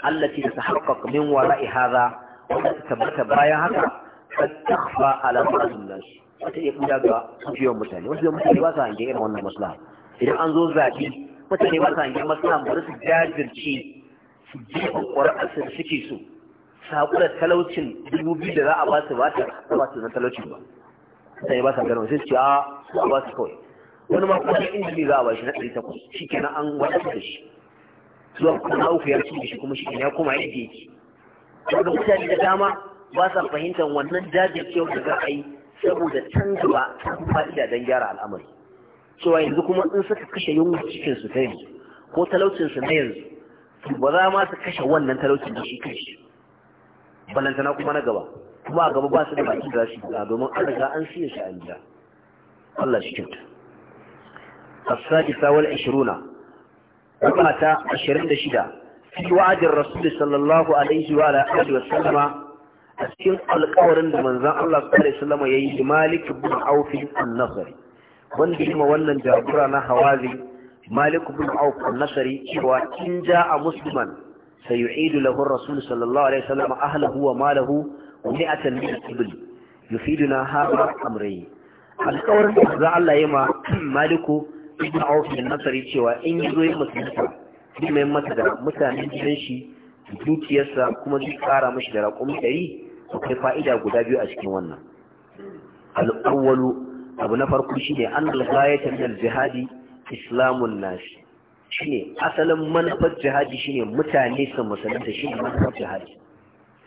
allati ta tahaqqaq min wara'i hadha wanda ta tabbata bayan haka kan takfa ala ba'dun nas wata ya kuda ga kujewan mutane wasu mutane ba su hange irin wannan maslaha idan an zo zaɓi mutane ba su hange maslaha bari su jajirce su jefa ƙwararsu da suke so saƙo da talaucin dubu biyu da za a ba su ba ta ba su na talaucin ba mutane ba su gano sai su ce ah, a su ba su kawai wani ma kuma injini za a ba shi na ɗari takwas shi kenan an wadatar da shi zuwa kuma na uku ya ci da shi kuma shi kenan ya koma yadda yake saboda mutane da dama ba sa fahimtar wannan jajircewa da za yi saboda can gaba ta fa'ida don gyara al'amari cewa yanzu kuma in suka kashe yunwa cikin su ta yanzu ko talaucin su na yanzu ba za ma su kashe wannan talaucin da shi kashi balantana kuma na gaba kuma a gaba ba su da baki da su da domin an riga an siya shi an gida Allah shi kyauta as-sadisa wal 20 da 26 fi wa'adin rasul sallallahu alaihi wa alihi wa sallama a cikin alƙawarin da manzan Allah sallallahu ya yi yayi Malik ibn Auf an-Nasri wanda kuma wannan jagora na Hawazi Malik ibn Auf an-Nasri cewa in a musliman sayu'idu lahu ar-rasul sallallahu alaihi wasallam ahlahu wa malahu wa mi'atan min ibl yufiduna hadha amrayn alƙawarin da manzan Allah yayi ma Maliku ibn Auf an-Nasri cewa in yazo yin musulunta zai mai masa da mutanen gidan shi dukiyarsa kuma zai kara mashi da raƙum ɗari akwai fa'ida guda biyu a cikin wannan al'awwalu abu na farko shine an al-ghayatu min al-jihadi islamun nas shine asalin manufar jihadi shine mutane su musulunta ne manufar jihadi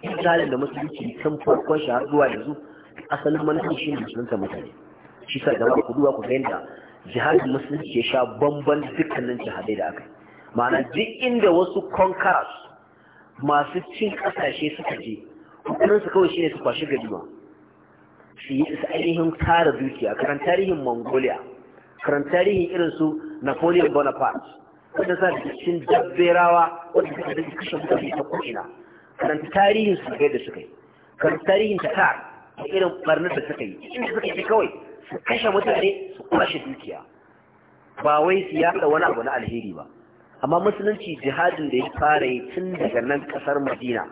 misalin da musulunci kan farkon shi har zuwa yanzu asalin manufar shine musulunta mutane shi sa da ku duba ku fahimta jihadi musulunci ya sha bamban dukkanin jihadai da aka ma'ana duk inda wasu conquerors masu cin kasashe suka je kokarinsu kawai shi ne su kwashi ganima su yi isa ainihin tara dukiya karan tarihin mongolia karan tarihin irin su napoleon bonaparte wanda za a cikin dabberawa wanda suka da kashe mutane ta ko'ina karan tarihin su kai da suka yi karan tarihin ta a irin barnar da suka yi inda suka yi kawai su kashe mutane su kwashe dukiya ba wai su yaɗa wani abu na alheri ba amma musulunci jihadin da ya fara yi tun daga nan ƙasar madina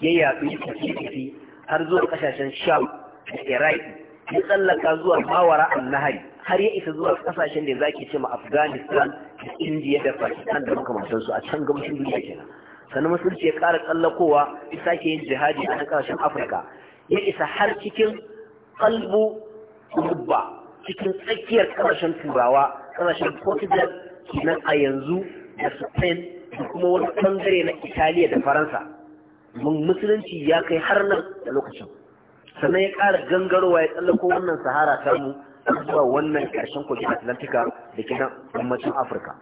ya yaɗu tafi har zuwa ƙasashen sham da iraq ya tsallaka zuwa mawara an nahari har ya isa zuwa ƙasashen da zaki ce ma afghanistan da indiya da pakistan da makamantansu a can gabashin duniya kenan sannan musulunci ya ƙara tsallakowa ya sake yin jihadi a ƙasashen afirka ya isa har cikin kalbu kubba cikin tsakiyar ƙasashen turawa ƙasashen portugal kenan a yanzu da spain da kuma wani ɓangare na italiya da faransa Mun musulunci ya kai har nan da lokacin sannan ya ƙara gangarowa ya tsallako wannan sahara ta mu zuwa wannan ƙarshen kogin atlantika da ke nan yammacin afirka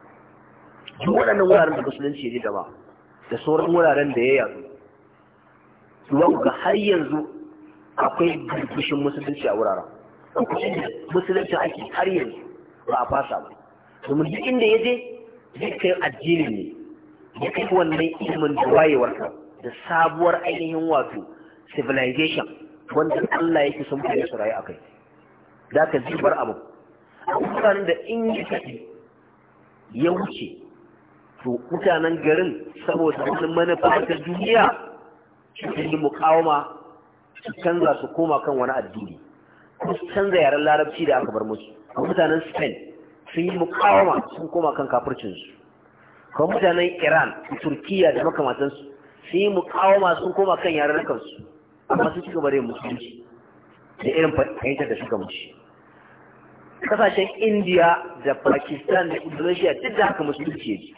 duk waɗannan wuraren da musulunci ya ji gaba da sauran wuraren da ya yadu zuwa ga har yanzu akwai gurgushin musulunci a wuraren musulunci ake har yanzu ba a fasa ba domin duk inda ya je zai kai addini ne ya kai wannan ilimin da wayewar ka da sabuwar ainihin wato civilization wanda Allah yake sun mutane su rayu kai. da ka zubar abu mutanen da in ya ya wuce to mutanen garin saboda wani manufa ta duniya su yi mukawama su canza su koma kan wani addini ko su canza yaren larabci da aka bar musu A mutanen spain sun yi mukawama sun koma kan kafircinsu kuma mutanen iran turkiya da makamantansu sai yi mukawama sun koma kan yaran kansu amma sun cika bare musulunci da irin fahimtar da suka mushi kasashen indiya da pakistan da indonesia duk da haka musulunci yake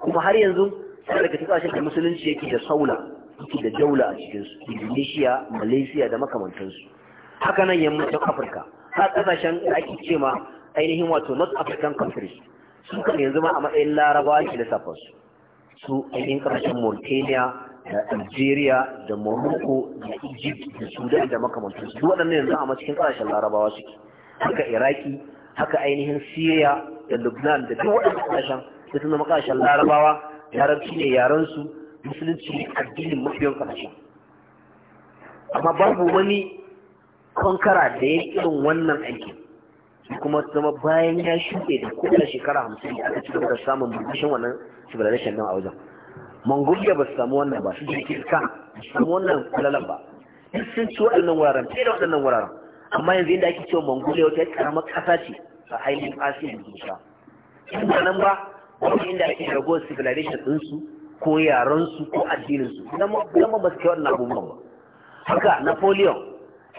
kuma har yanzu sai daga kasashen da musulunci yake da saula yake da jaula a cikinsu indonesia malaysia da makamantansu haka nan yammacin afirka har kasashen da ake ce ma ainihin wato north african countries sun kan yanzu ma a matsayin larabawa ke lissafa su su ainihin kasashen mauritania da algeria da morocco da egypt da sudan da makamantar Su waɗannan yanzu a cikin ƙasashen larabawa suke haka iraki haka ainihin syria da lubnan da duk waɗannan ƙasashen da suna zama larabawa yarabci ne su musulunci ne addinin mafiyan ƙasashen amma babu wani kankara da ya irin wannan aikin kuma zama bayan ya shuɗe da kowace shekara hamsin da aka ci gaba da samun bishin wannan civilization nan a wajen mongolia ba su samu wannan ba su je kirka ba su samu wannan falalan ba duk sun ci waɗannan wuraren fiye da waɗannan wuraren amma yanzu inda ake cewa mongolia wata karamar ƙasa ce a ainihin asiya da kusa in ba nan ba wani inda ake ragowar civilization ɗinsu ko yarensu ko addininsu zama ba su kai wannan abubuwan ba haka napoleon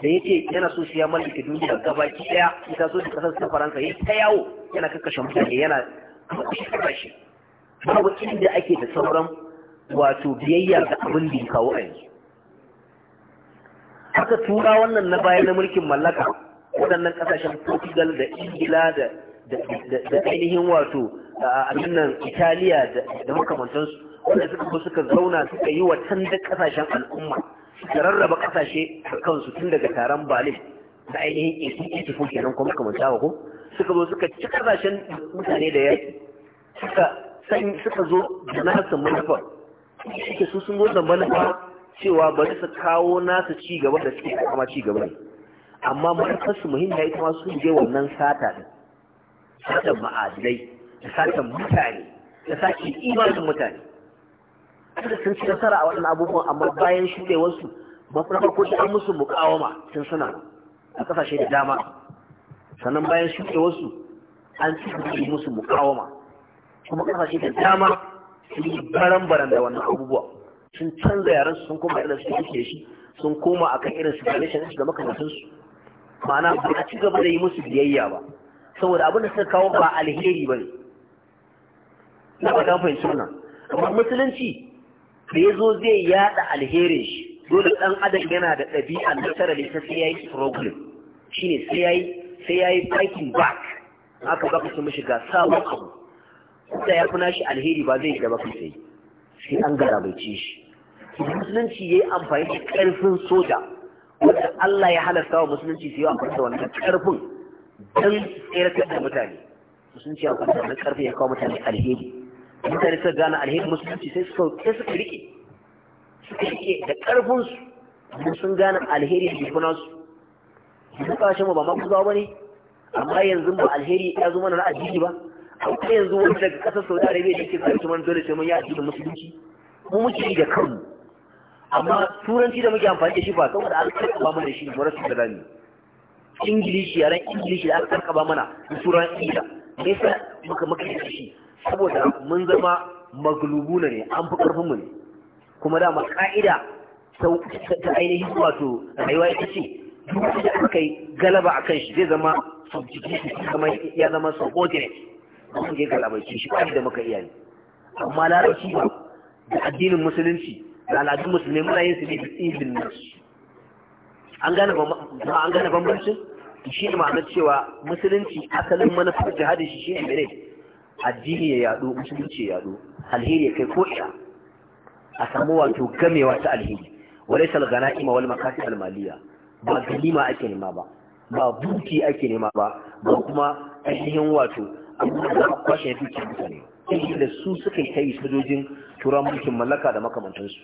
da ya ce yana so su ya mallake duniya gabaki daya ya taso da kasar ta faransa ya ta yawo yana kakkashe mutane yana Ba babu inda ake da sauran wato biyayya ga abin da ya kawo a yanzu haka tura wannan na baya na mulkin mallaka waɗannan ƙasashen portugal da ingila da da ainihin wato abin nan italiya da makamantansu wanda suka ko suka zauna suka yi wa da ƙasashen al'umma suka rarraba ƙasashe a kansu tun daga taron balin da ainihin itifo kenan kuma makamanta suka zo suka ci ƙasashen zo da nasu manufar shi su sun gosa manufa cewa ba su kawo nasu ci gaba da suke kama ci gaba ne amma manufar su muhimmiya ita ma su je wannan sata din Sata ma'adilai da sata mutane da sake imanin mutane da sun ci nasara a waɗannan abubuwan amma bayan shuɗewarsu mafarko da an musu mukawama sun suna a ƙasashe da dama sannan bayan shuɗewarsu an ci musu mukawama kuma ƙasashe da dama sun baran baran da wannan abubuwa sun canza yaren sun koma irin su suke shi sun koma a kan irin su gane shi da makamantan su ma'ana ba a ci gaba da yi musu biyayya ba saboda abin da suka kawo ba alheri ba ne na ba ta fahimci wannan amma musulunci da ya zo zai yada alheri shi dole ɗan adam yana da ɗabi'a na tara da ta sai ya yi problem shine sai ya yi sai ya yi fighting back aka baka su ga sabon abu da ya kuna shi alheri ba zai gaba kai sai sai an ci shi musulunci ya yi amfani da karfin soja wanda Allah ya halasta wa musulunci su yi amfani da wannan ƙarfin don tseratar da mutane musulunci ya kwanta wannan ƙarfin ya kawo mutane alheri mutane suka gane alheri musulunci sai suka sai suka rike suka rike da karfin su sun gane alheri da jikuna su yanzu ƙasashen mu ba ma kuzawa ba ne amma yanzu ba alheri ya zo mana na addini ba kuma yanzu wani daga ƙasar saudi arabia da ke karatu man dole sai mun yi addinin musulunci mu muke yi da kanmu amma turanci da muke amfani da shi ba saboda an karkaba mana shi mu rasu da rani ingilishi yaren ingilishi da aka karkaba mana da turan ida me yasa muka muka yi shi saboda mun zama maglubuna ne an fi karfin mu ne kuma dama ka'ida ta ainihin wato rayuwa ita ce duk da aka yi galaba akan shi zai zama subjugation ya zama subordinate mun je galabaice shi kai da muka iyaye amma larabci ba da addinin musulunci da al'adun musulmi muna yin su ne ibn nas an gane ba an gane bambancin shi ne ma'anar cewa musulunci asalin manufar jihadin shi shine mene addini ya yadu musulunci ya yadu alheri ya kai ko ina a samu wato gamewa ta alheri وليس makasib al المالية ba galima ake nema ba ba buki ake nema ba ba kuma ainihin wato abubuwan da aka kwashe ya fi cikin mutane sai da su suka yi ta yi sojojin turan mulkin mallaka da makamantansu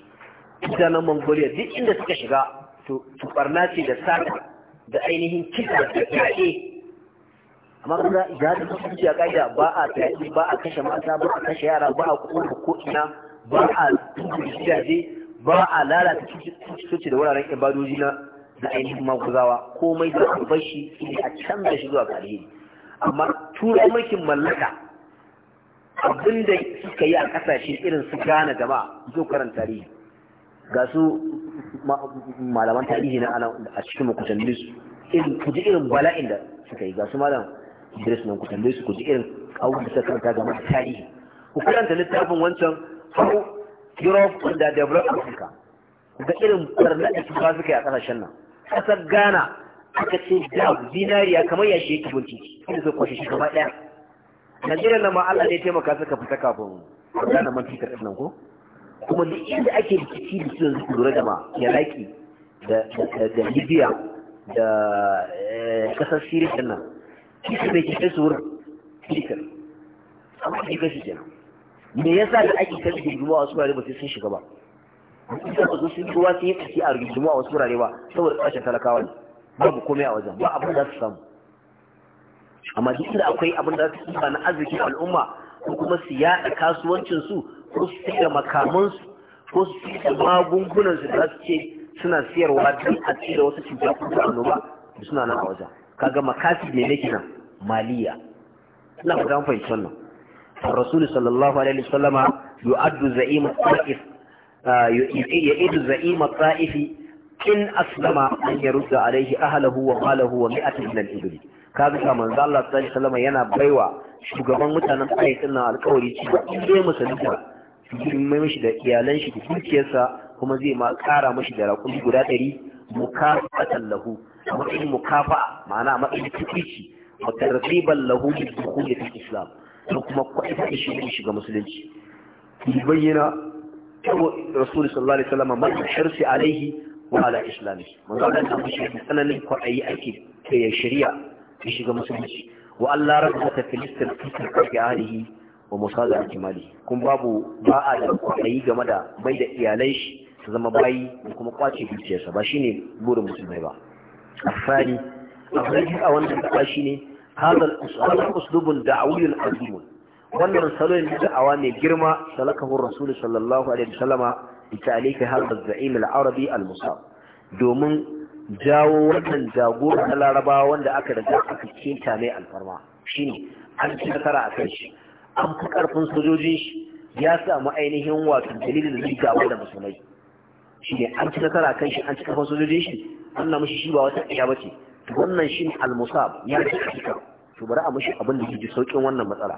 mutanen mongolia duk inda suka shiga to barna ce da sata da ainihin kisa da fyaɗe amma kuma ya da kusurci a ƙa'ida ba a fyaɗe ba a kashe mata ba a kashe yara ba a kuma ko'ina ba a tuku gidaje ba a lalata cuci da wuraren ibadoji na da ainihin maguzawa komai da a bashi a canza shi zuwa alheri amma turo mulkin mallaka abinda suka yi a kasashe irin su gane gaba zo karan tarihi ga su malaman tarihi na a cikin makutanni su irin kuji irin bala'in da suka yi ga su malam idris nan kutan su kuji irin abubuwan da suka karanta gama tarihi ku karanta littafin wancan how europe and the africa ga irin barnar da suka yi a kasashen nan kasar ghana aka ce da zinariya kamar ya shi yake bunci inda suka kwashe shi gaba ɗaya najeriya na ma allah ne taimaka suka fita kafin gane man fitar ɗin nan ko kuma duk inda ake rikici da su yanzu lura da ma iraki da libya da eh, ƙasar siriya ɗin nan kisa mai kisa su wurin fitar amma shi kashi kenan me yasa da ake kan jirguma a wasu wurare ba sai sun shiga ba. Ita ba su sun ruwa sun yi kasi a rigima a wasu wurare ba saboda ƙasashen talakawa ne. babu komai a wajen ba abin da su samu amma duk da akwai abin da su ba na arziki al'umma ko kuma su yaɗa kasuwancinsu ko su sayar makamansu ko su sayar magungunansu da su ce suna siyarwa don a ci da wasu cuta ko ta annoba suna nan a wajen kaga makasi ne nake nan maliya ina ba dan fahimci wannan الرسول ya addu عليه وسلم يعد زعيم الطائف يعيد زعيم in aslama an yarudda alaihi ahlahu wa malahu wa mi'atan min al-ibl kaga ka manzo Allah sallallahu alaihi wasallam yana baiwa shugaban mutanen sai din alƙawari cewa in dai musulunta zai mai mishi da iyalan shi da dukiyarsa kuma zai ma ƙara mishi da raƙumi guda ɗari mukafatan lahu a matsayin mukafa ma'ana a matsayin tukici wa tarbiban lahu bi dukhuli fil islam da kuma kwaita shi shiga musulunci bayyana rasul sallallahu alaihi wasallam man hirsi alaihi wa ala islami manzo Allah ta fushi tsananin kwaɗayi ake ta ya shirya ya shiga musulunci wa Allah rabba ta filistin fitar kafi alihi wa musa da kimali kun babu ba a da kwaɗayi game da bai da iyalai shi su zama bayi da kuma kwace dukiyarsa ba shine burin musulmai ba afani afani a wannan gaba shine hadal usulun uslubun da'awiyul azim wannan salon da'awa mai girma salakahu rasul sallallahu alaihi wasallama har لتعليق هذا الزعيم al المصاب domin jawo wannan jagora na larabawa wanda aka riga aka keta mai alfarma shine an ci nasara a kan shi an fi karfin sojojin shi ya samu ainihin wato dalilin da zai da musulmai shi ne an ci nasara kan shi an ci karfin sojojin shi an na mushi shi ba wata iya bace to wannan shi al almusab ya ci kika to bari a mushi abin da ke ji saukin wannan matsala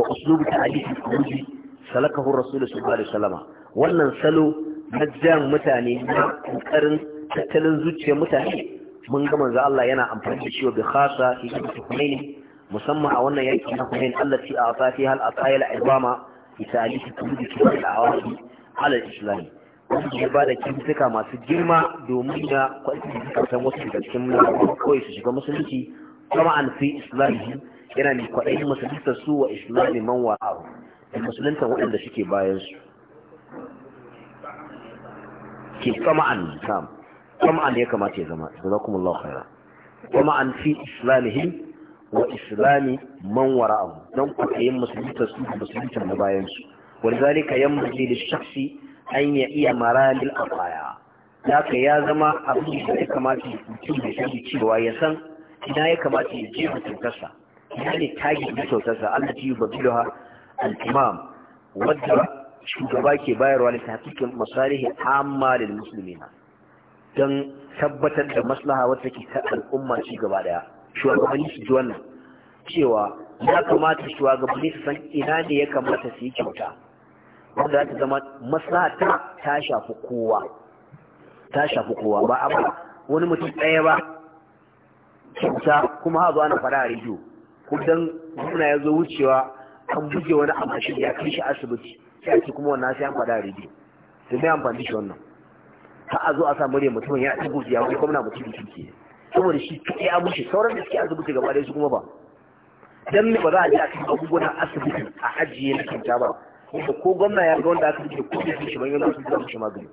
wa uslubu ta'alif al-qurbi salakahu rasulullah sallallahu alaihi wasallam wannan salo na jan mutane na kokarin tattalin zuciyar mutane mun ga manzo Allah yana amfani da shi wa bi khasa fi Hunayn musamman a wannan yaki na Hunayn Allah fi afati hal aqayil ibama fi ta'alif kulli kitab al-awasi ala al-islam wanda ya bada kimtuka masu girma domin ya kwanci da wasu da cikin kawai su shiga musulunci kuma an fi islamihi yana ne kwaɗayin musulunta su wa Islam man wa'ahu musulunta waɗanda suke bayansu ke kama'an sam kama'an ya kamata ya zama kuma jazakumullahu khaira kama'an fi islamihim wa islami man wara abu wara'ahu dan yin musulunta su da musulunta na bayan su ولذلك ينبغي للشخص أن يئي مرام الأطايا ذاك ya zama أبو da kamata mutum da shi cewa ya san ina ya kamata ya jefa cutarsa ina ne tagi da cutarsa Allah ji babiluha al-imam wadda shugaba ke bayarwa da tafikin masalihi amma da musulmina don tabbatar da maslaha wata ke ta al'umma ci gaba daya shugabanni su ji wannan cewa ya kamata shugabanni su san ina ne ya kamata su yi kyauta wanda ta zama maslaha ta shafi kowa ta shafi kowa ba amma wani mutum ɗaya ba kyauta kuma hazo ana fara a rediyo ko dan muna ya zo wucewa an buge wani abu ya kai shi asibiti sai a kuma wannan sai an faɗa a rediyo to me amfani shi wannan ka a zo a samu murya mutumin ya ci ya wani gwamna mutum da ke saboda shi kai a mushi sauran da suke asibiti gaba ɗaya su kuma ba dan me ba za a je a kai abubuwan asibiti a ajiye na kyauta ba ko gwamna ya ga wanda aka buge ko da shi ban yana su da shi magani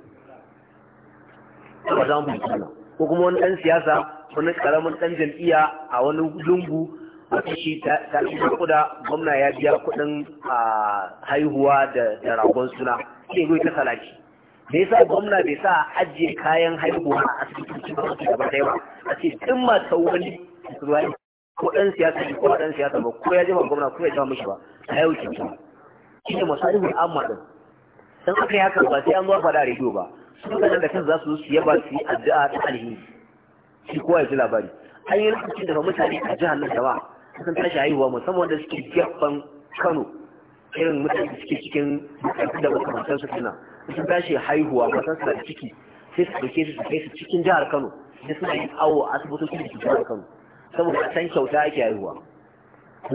ba za mu yi ko kuma wani ɗan siyasa wani ƙaramin ɗan jam'iyya a wani lungu wata shi ta yi kuda gwamna ya biya a haihuwa da ragon suna sai goyi ta salaki da yasa gwamna bai sa ajiye kayan haihuwa a cikin wasu gaba ɗaya ba a ce tun mata wani kuɗin ko ɗan siyasa ko ɗan siyasa ba ko ya jima gwamna ko ya jima mishi ba a yau ke ta shi ne masarihul amma ɗin Don aka yi haka ba sai an zo faɗa rediyo ba su kanan da kan za su su yaba su yi addu'a ta alhini shi kowa ya ji labari an yi lokacin da mutane a jihar nan jama'a kasan tashi haihuwa musamman wanda suke gefen kano irin mutane da suke cikin karfi da matan su suna kasan tashi haihuwa matan suna da ciki sai su ɗauke su su kai su cikin jihar kano sai suna yin awo a asibitin da cikin jihar kano saboda a san kyauta ake haihuwa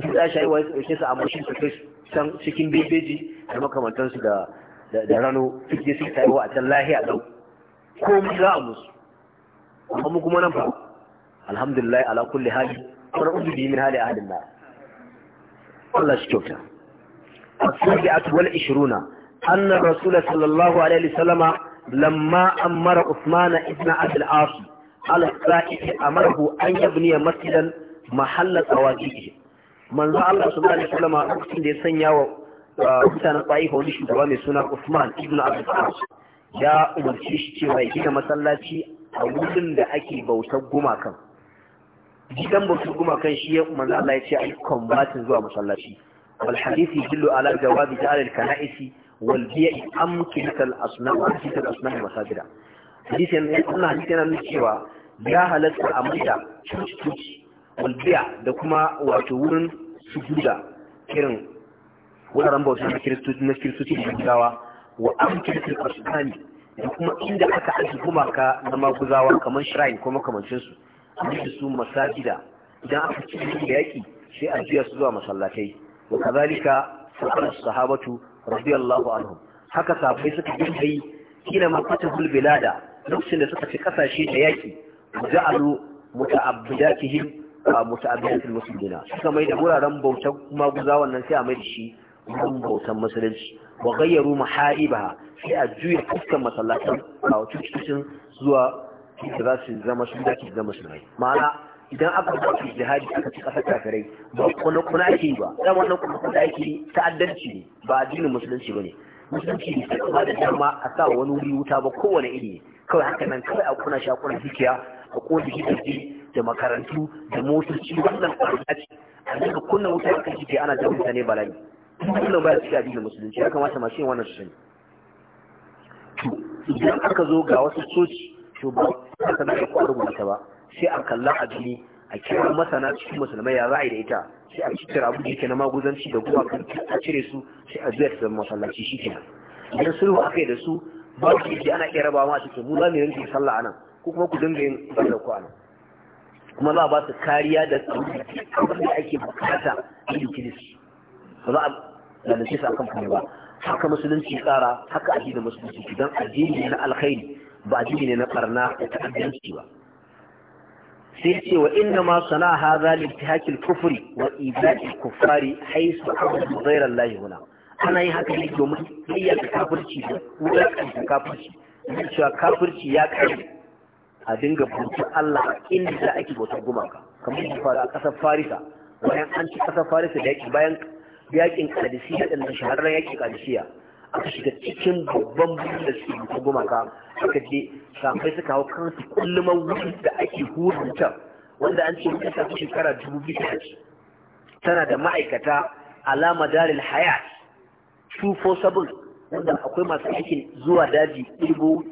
sun tashi haihuwa su ɗauke su a mashin su kai can cikin bebeji da makamantan su da da rano suke su haihuwa a can lahiya ɗau mu za a musu amma mu kuma nan fa alhamdulillah ala kulli hali wani uzu bi min hali ahadin na Allah shi kyauta as-sabi'atu wal 20 anna rasul sallallahu alaihi wasallama lamma amara usman ibn abd al-as ala sa'i amarahu an yabniya masjidan mahalla Allah subhanahu alaihi wasallama da ya sanya wa uh, mutanen tsayi wani shugaba mai suna Usman ibn Abdul ya umarci shi cewa ya gina masallaci a wurin da ake bautar gumakan gidan kuma gumakan shi ya manzo Allah ya ce ai combatin zuwa masallaci wal hadisi dillu ala jawabi ta'ala al kana'isi wal bi'i amkinat al asnam amkinat al asnam sadira hadisi ne wannan hadisi yana nuna cewa ya halatta a maida cuci wal bi'a da kuma wato wurin sujuda kiran wuraren bauta na kiristoci na kiristoci da gudawa wa amkinat al asnam da kuma inda aka aji gumaka na maguzawa kamar shrine ko makamancinsu da su masajida idan aka ci da yaƙi sai a juya su zuwa masallatai wa kazalika fa'ala sahabatu radiyallahu anhum haka sahabbai suka dinga yi kila ma fatahul bilada lokacin da suka ci kasashe da yaƙi ja'alu muta'abbidatihim muta'abbidatul muslimina suka mai da wuraren bautar maguza wannan sai a mai da shi wurin bautar musulunci wa gayyaru mahaibaha sai a juya fuskan masallatan a cikin zuwa da za su zama su da su zama musulmai ma'ana idan aka ba su jihadi aka ci kasar kafirai ba kuna kuna ake ba dan wannan kuma kuna ake ta'addanci ne ba addinin musulunci bane musulunci ne sai ba da dama a sa wani wuri wuta ba kowane iri kawai haka nan kawai a kuna sha kuna dukiya a kona gidaje da makarantu da motoci wannan kwanza ce a daga kunna wuta aka ji ana da mutane bala'i wannan ba cikin addinin musulunci ya kamata masu yin wannan su sani idan aka zo ga wasu coci to ba ba sanar da ko a rubuta ba sai a kalla a a kira masana cikin musulmai ya ra'ayi da ita sai a cikin abu da na maguzanci da kuma a cire su sai a zuwa zama masallaci shi kenan idan sulhu aka yi da su ba su yake ana iya rabawa a cikin mu za mu yanke sallah anan ko kuma ku dinga yin ibada ku anan kuma za a ba su kariya da abin da ake bukata a yi kirisi ba za a lalace su akan kuma ba haka musulunci tsara haka addinin musulunci don addini na alkhairi ba addini ne na barna da ta'addanci ba sai ce wa inna ma sana hadha li ihtihakil kufri wa ibadil kuffari haythu abadu ghayra lahi huna ana yin haka ne domin yayyaka kafirci da wulakanta kafirci cewa kafirci ya kai a dinga bautar Allah inda za ake bauta gumaka kamar da faru a ƙasar Farisa bayan an ci ƙasar Farisa da yaki bayan yakin Qadisiyya din da shahararren yakin Qadisiyya aka shiga cikin babban birnin da suke bautar gumaka suka je kafai suka hau kansu kullumar wuri da ake hurin can wanda an ce mutum tafi shekara dubu biyu tana da ma'aikata alama daril hayat 247 wanda akwai masu aikin zuwa daji ɗigo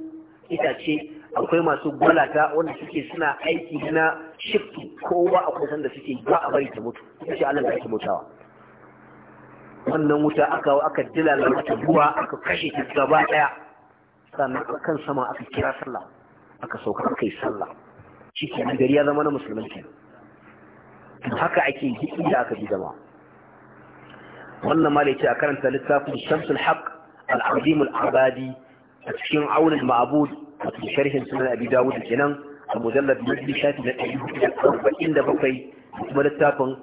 itace akwai masu gwalata wanda suke suna aiki na shifti kowa akwai sanda suke ba a bari ta mutu ita ce alama da ake mutawa wannan wuta aka aka dilala mata ruwa aka kashe ta gaba daya sannan kan sama aka kira sallah aka sauka aka yi sallah shi ke gari ya zama na musulman ke haka ake yi da aka bi zama wannan ma ce a karanta littafin shamsul haq al-azim al-abadi a cikin aunin ma'abud a cikin sharhin sunan abi dawud kenan a mujallar majlis shafi na ɗari arba'in da bakwai kuma littafin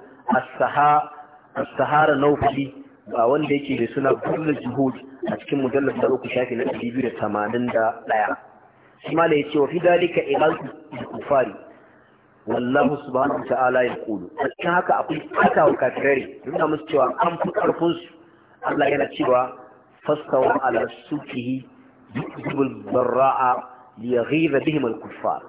as-sahara naufali ba wanda yake da suna kullu jihud a cikin mujallar da uku shafi na ɗari biyu da tamanin da ɗaya ya ce wa fi dalika ilalku da kufari wallahu subhanahu wa ta'ala ya kulu a cikin haka akwai kata wa kafirai nuna musu cewa an fi karfin su Allah yana cewa fastawa ala sukihi yuzbul barra'a li yaghiza bihim al kuffar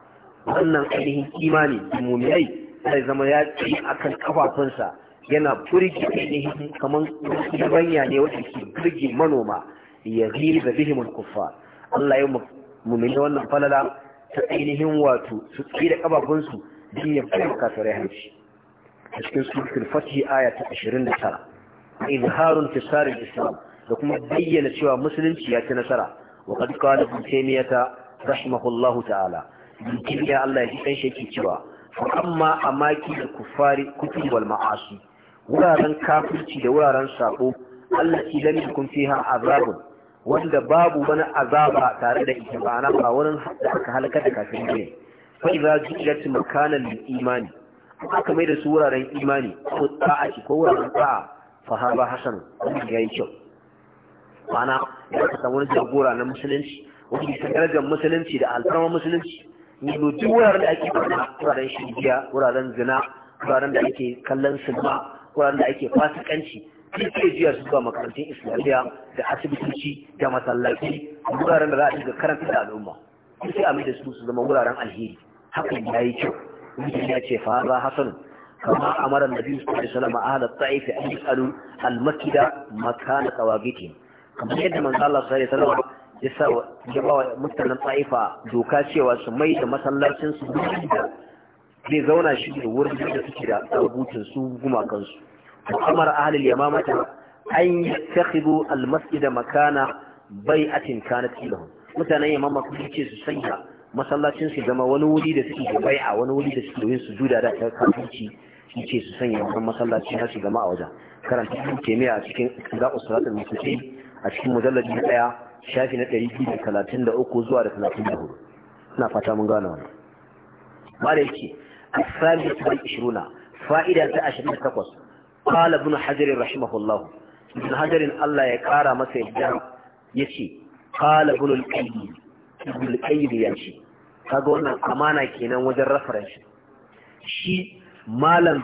wannan ainihin imani mumiyai zai zama ya ci akan kafafunsa yana furge ainihin kamar yabanya ne wacce ke furge manoma ya ghilza da al-kuffar Allah ya mu'mini wannan falala ta ainihin wato su tsira kababun su din ya fara kafirai hanci a cikin suratul fatih aya ta 29 izharun tisar islam da kuma bayyana cewa musulunci ya ci nasara wa qad qala ibn taymiyah rahimahullahu ta'ala bikin ya Allah ya ji kan shi yake cewa amma amaki da kufari kutub wal ma'asi wuraren kafirci da wuraren sako allati lam yakun ha azabun wanda babu wani azaba tare da ita ba na ba wurin da aka halaka da kafirin ne fa idza jilat makanan lil imani aka mai da su wuraren imani ko ta'ati ko wuraren ta'a fa haba hasan ya yi kyau ma'ana ya ka samu wani jagora na musulunci wani bisa darajar musulunci da alfarma musulunci ni duk wuraren da ake wuraren shirgiya wuraren zina wuraren da ake kallon sinima wanda ake fasikanci duk ke jiya su zuwa makarantun islamiyya da asibitici da masallaci wuraren da za a dinga karanta da al'umma duk sai a da su su zama wuraren alheri hakan ya yi kyau wuce ya ce fara hasan kama amaran nabi sallallahu alaihi wasallam ahla ta'ifi an yasalu al-makida makana tawagitin kamar yadda manzo Allah sallallahu alaihi wasallam ya sa wa mutanen ta'ifa doka cewa su mai da masallacin su duk da zai zauna shi da wurin da suke da rubutun su gumakansu mu'amar ahalil yamama ta an yattakhidhu al masjid makana bai'atin kanat ilahum mutanen yamama su ce su sanya masallacin su zama wani wuri da suke da bai'a wani wuri da suke yin sujuda da kafinci shi ce su sanya wannan masallaci na su zama a wajen karanta ibn taymiya a cikin zaqu salatul mustaqim a cikin mujallad na daya shafi na 233 zuwa da 34 ina fata mun gane wannan bare yake الثالث والعشرون فائدة عشرين تقص قال ابن حجر رحمه الله ابن حجر الله يكارى ما سيجدر يشي قال ابن الكيب ابن الكيب يشي kaga wannan amana kenan wajen reference شي malam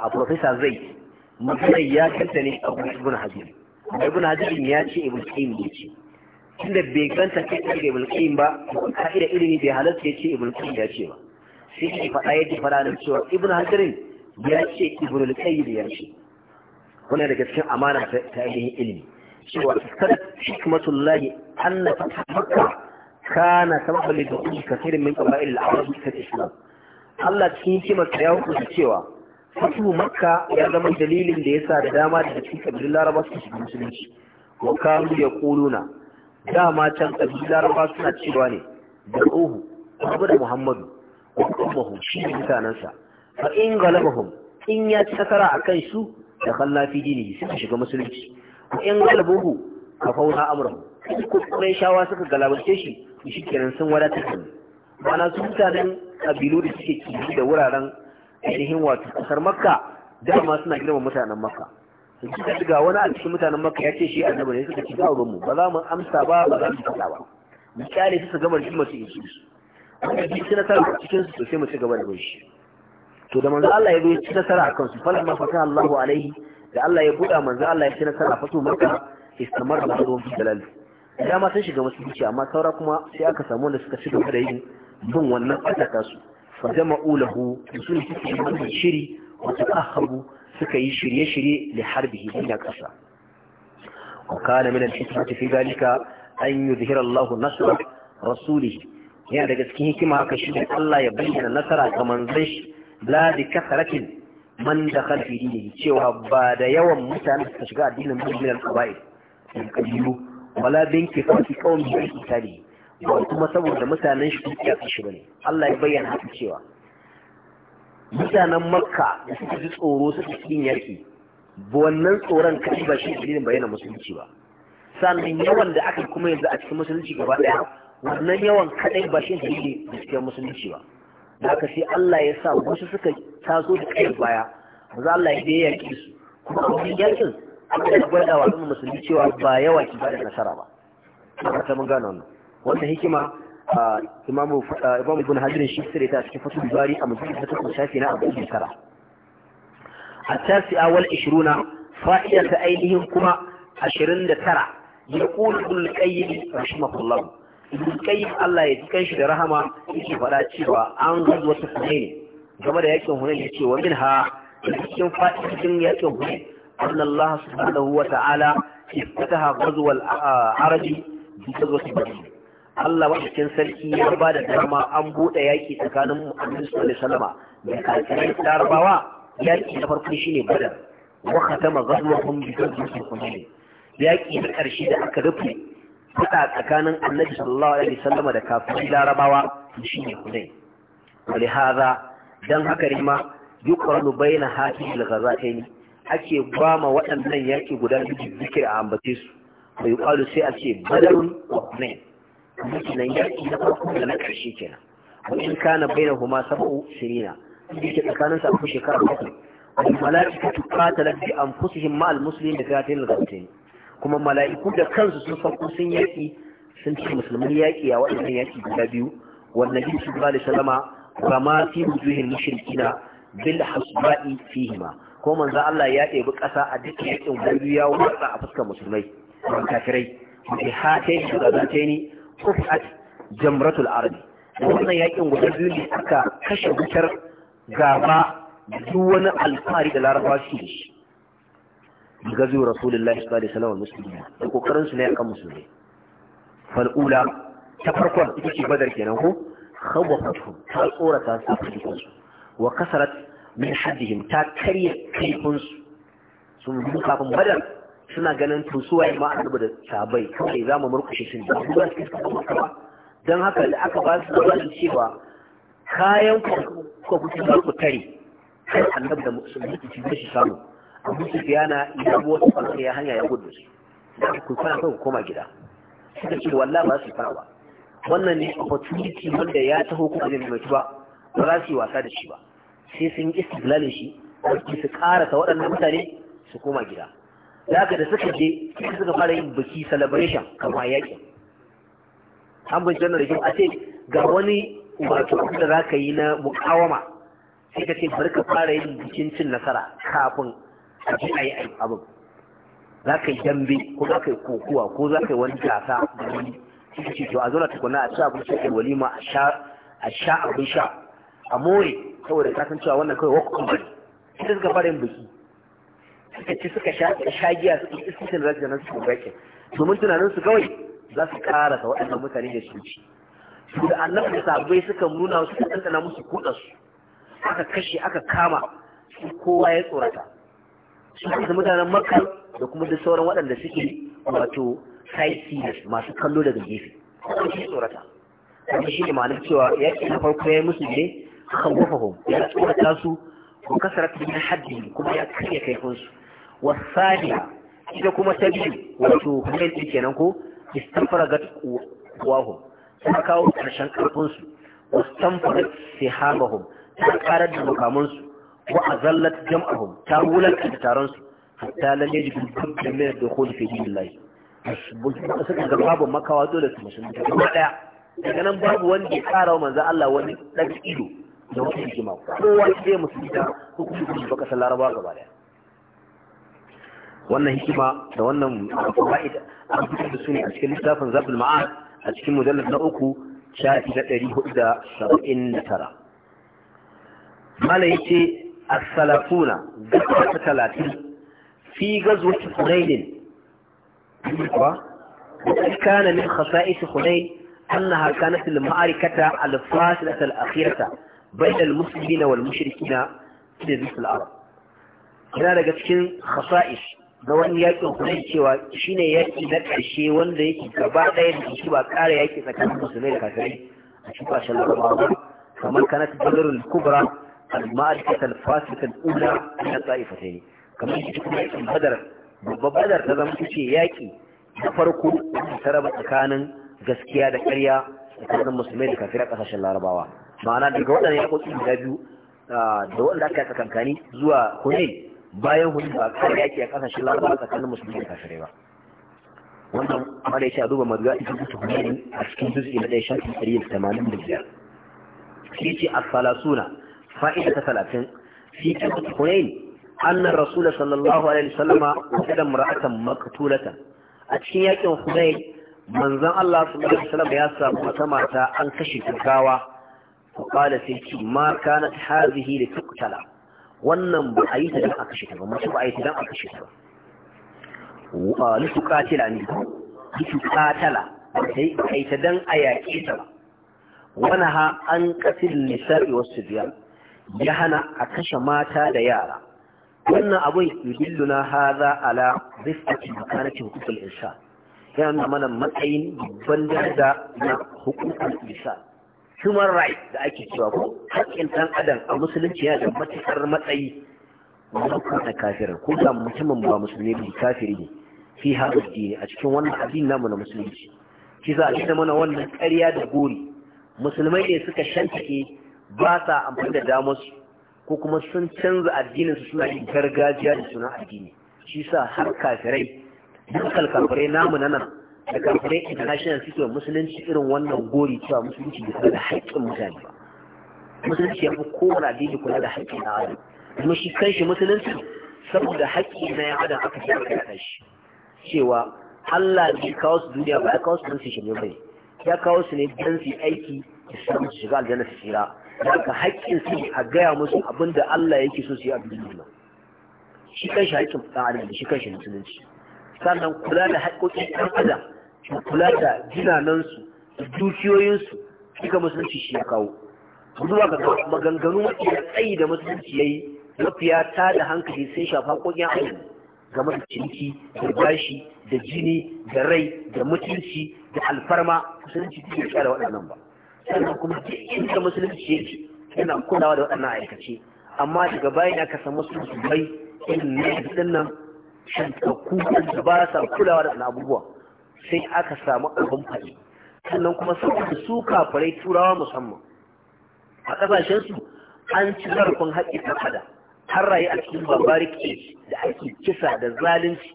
a professor zai maganar ya kanta ابن حجر ابن حجر يشي ابن الكيب يشي ibn qayyim bai ganta kai da ibn ba ba ka'ida ilimi bai halatta ya ce ibn ya ce ba sai ne faɗa yake faɗa da cewa ibn hajarin ya ce ibn al-qayyim ya ce wannan daga cikin amana ta ainihin ilimi cewa kada hikmatullahi anna fatha makka kana sababan da dukkan kafirin min qaba'il al-arab ta islam Allah cikin hikimarsa ya hukunta cewa fatu makka ya zama dalilin da yasa da dama daga cikin kabilun laraba suka shiga musulunci wa kanu ya kuluna dama can kabilun laraba suna cewa ne da ruhu abu da muhammadu wa ummahum shi ne mutanensa fa in galabahum in ya ci nasara a kai su da kalla fi dini suka shiga musulunci wa in galabuhu ka fauna amrahu ko kurai shawa suka galabace shi shi kenan sun wadatar da mana su mutanen kabilu da suke kiyi da wuraren ainihin wato kasar makka dama suna girma mutanen makka su suka ga wani a cikin mutanen makka ya ce shi annabi ne suka ci gawo mu ba za mu amsa ba ba za mu faɗa ba misali su gama jin masu insu wanda bi nasara cikin su sai mu ci gaba da bin shi to da manzo Allah ya zo ci nasara akan su falan ma fata Allahu alaihi da Allah ya buɗa manzo Allah ya ci nasara fato maka istamar da zuwan dalal da ma sun shiga musulunci amma saura kuma sai aka samu wanda suka ci gaba da yin bin wannan fataka su fa jama'u lahu sun yi shiri wa taqahabu suka yi shirye-shirye li harbihi ila kasa وكان من الحكمة في ذلك أن يظهر الله نصر رسوله yana daga cikin hikima haka shi ne Allah ya bayyana nasara ga manzon shi la bi kasratin man dakhal fi dinihi cewa ba da yawan mutane suka shiga addinin musulmi al qabail in qabilu wala bin kifati qawmi bi itali ba kuma saboda mutanen shi ya su shi bane Allah ya bayyana haka cewa mutanen makka da suka ji tsoro suka yin yaki wannan tsoron kashi ba shi dalilin bayyana musulunci ba sannan yawan da aka kuma yanzu a cikin musulunci gaba daya wannan yawan kadai ba shi dalili da cikin musulunci ba da haka sai Allah ya sa wasu suka taso da kai baya maza Allah ya je ya ki su kuma a wannan yakin Allah ya gwada wa wasu musulmi cewa ba yawa ki ba da nasara ba kuma ta mun gano wannan wannan hikima imamu imamu ibn hajar shi sirri ta cikin fatul bari a mutum ta kuma shafi na abu da tara التاسعة والعشرون فائدة أيديهم كما عشرين ترى يقول ابن القيم رحمه الله kai Allah ya cikan shi da rahama yake faɗa cewa an gudu wata ne. game da yakin hunaini ya ce wa min ha cikin fa'idin yakin hunaini أن الله سبحانه وتعالى افتتح غزو العرب بغزوة بدر Allah cikin sarki ya ba da dama an buɗe yaƙi tsakanin Muhammadu sallallahu alaihi wasallam da kafirai Larabawa yaƙi na farko shine Badar wa khatama ghazwahum bi zo Hunayn yaƙi na ƙarshe da aka rufe fada tsakanin annabi sallallahu alaihi wasallam da kafirin larabawa shi ne hunain wali haza dan haka ne ma yuqarnu baina hadhihi al-ghazatayn ake gwama waɗannan yaki guda biyu zikir a ambace su Mai yuqalu sai a ce badarun wa hunain nan yaki na farko da na karshe kenan Wani in kana huma sab'u sinina yake tsakanin sa akwai shekara bakwai ta malaikatu qatalat bi anfusihim ma al-muslimin da kafirin al kuma mala'iku da kansu sun sauko sun yaƙi sun ce musulmai yaƙi a waɗannan yaƙi guda biyu wannan yin shugaba da salama rama fi wujuhin mushrikina bil hasba'i fihima ko manzo Allah ya ɗebi ƙasa a duk yaƙin gudu ya watsa a fuskar musulmai ban kafirai bi hatai shugabataini qufat jamratul arabi wannan yaƙin guda biyu ne aka kashe wutar gaba duk wani alfari da larabawa su shi gazi rasulullahi sallallahu alaihi wasallam musulmi da kokarin su ne akan musulmi fal ula ta farkon ita ce badar kenan ko khawafatuhum ta tsorata su a su wa kasarat min haddihim ta karya kaifin su sun bi kafin badar suna ganin to su waye ma annabi da sabai kai za mu murkushe su da su ba su dan haka da aka ba su labarin cewa kayan ku ku ku tare kai annabi da musulmi ki shi samu abu sufiyana ya idan wasu ɓangare ya hanya ya gudu da ku fara ku koma gida suka ce wallahi ba su fara ba wannan ne opportunity wanda ya taho kuma zai mai ba ba za su yi wasa da shi ba sai sun yi istidlalin shi su ta waɗannan mutane su koma gida da da suka je sai suka fara yin biki celebration kamar yakin an bin jannar rikin a ce ga wani wato da za ka yi na mukawama sai ka ce bari ka fara yin bikin cin nasara kafin a ji a yi abin za ka yi dambe ko za ka yi kokuwa ko za ka yi wani gasa da wani cikin to a zauna tukuna a sha abin shi walima a sha abin sha a more saboda ka san cewa wannan kawai wakon bari sai suka fara yin biki suka ci suka sha suka sha giya suka yi iskitin rajin nan suka baki domin tunanin su kawai za su ta waɗannan mutane da su ci su da annabi da sabai suka nuna suka ɗanɗana musu kuɗa su aka kashe aka kama kowa ya tsorata da mutanen makka da kuma da sauran waɗanda suke wato sightseers masu kallo daga gefe shi tsorata kuma shi ne ma'anar cewa yaƙi na farko ya yi musu ne khawafahum ya tsorata su ko kasarata min haddi kuma ya karya kaifinsu wasaniya ita kuma ta biyu wato hanyar ɗin kenan ko ga wahum ta kawo ƙarshen ƙarfinsu wastanfarat sihamahum ta ƙarar da makamansu wa azallat jam'ahum ta wulanta taron su hatta lam yajidu kullum min dukhul fi dinillah suka ga babu makawa dole su musulunta kuma daya daga nan babu wanda ya wa manzo Allah wani dan ido da wani hikima kowa sai musulunta hukunci ba kasar Laraba gaba daya wannan hikima da wannan fa'ida an fitar da su ne a cikin littafin Zabul Ma'ad a cikin mujallar na uku shafi na ɗari hudu da saba'in da tara. Mala ya ce asalakuna zuwa ta talatin fi gazuwa ta kunainin ba wata ika na min hasa'i ta kunai an na haka na filma'arikata alfashin da talafiyarta bai da musulmi na walmushirki na cikin zuwa arab yana daga cikin hasa'i ga wani yakin kunai cewa shine yaki na ƙarshe wanda yake gaba ɗaya da shi ba ƙara yaki tsakanin musulmai da kafirai a cikin fashin larabawa kamar kanatin jirgin kubra al-ma'arikata al-fasita al-ula na ta'ifatai kamar shi kuma yakin badar babban badar ta zama yaki na farko wanda ta raba tsakanin gaskiya da ƙarya tsakanin musulmai da kafirar ƙasashen larabawa ma'ana daga waɗannan yaƙoƙi guda biyu da wanda aka kankani zuwa hunain bayan hunain ba kare yaki a kasashen larabawa tsakanin musulmai da kafirai ba wannan mara ya duba mazuwa ita mutu hunain a cikin juz'i na ɗaya ɗari da tamanin da biyar shi ce suna. fa'ida ta talatin fi ƙasar hunain annan rasula sallallahu alaihi wasallama wata da mura'atan maktulatan a cikin yakin hunain manzon Allah sallallahu alaihi wasallam ya samu wata mata an kashe tukawa fa qala na ki ma kanat hadhihi wannan ba a yi ta dan a kashe ta ba ba a yi ta dan a kashe ta ba wa li tuqatila ni li tuqatala sai ai ta dan a yaƙe ta ba wanaha an qatil nisa'i was biyar? ya hana a kashe mata da yara wannan abun na haza ala rifati makanati hukukul insha yana nuna mana matsayin babban darda na hukukul insa human rights da ake cewa ko haƙƙin ɗan adam a musulunci yana da matuƙar matsayi mutum na kafirin ko da mutumin ba musulmi ba kafiri ne fi haɗa dini a cikin wannan addini namu na musulunci shi za a shi mana wannan ƙarya da gori musulmai ne suka shantake ba sa amfani da damar su ko kuma sun canza addinin su suna yin gargajiya da sunan addini shi sa har kafirai dukkan kafirai namu na nan da kafirai international suke musulunci irin wannan gori cewa musulunci da da haƙƙin mutane ba musulunci ya fi kowane addini kula da haƙƙin na adam kuma shi kanshi musulunci saboda haƙƙi na ya adam aka shi aka shi cewa Allah ne kawo su duniya ba ya kawo su don su shirme ba ne ya kawo su ne don su yi aiki ya samu su shiga aljanna su tsira ka haƙƙin su a gaya musu abin da Allah yake so su yi a duniya nan shi kanshi haƙƙin ɗan adam da shi shi musulunci sannan kula da haƙƙoƙin ɗan adam da kula da jinanansu da dukiyoyinsu duka musulunci shi ya kawo ka ga maganganu mafi tsayi da musulunci ya yi mafiya ta da hankali sai shafa haƙƙoƙin adam game da ciniki da bashi da jini da rai da mutunci da alfarma musulunci duk ya da waɗannan ba sannan kuma duk inda musulunci yake yana kulawa da waɗannan aikace amma daga bayan aka san musulunci bai irin ne din nan shantakku da ba sa kulawa da waɗannan abubuwa sai aka samu abin faɗi, sannan kuma saboda su kafirai turawa musamman a ƙasashensu an ci zarafin haƙƙi ta fada har rayu a cikin babbar da ake kisa da zalunci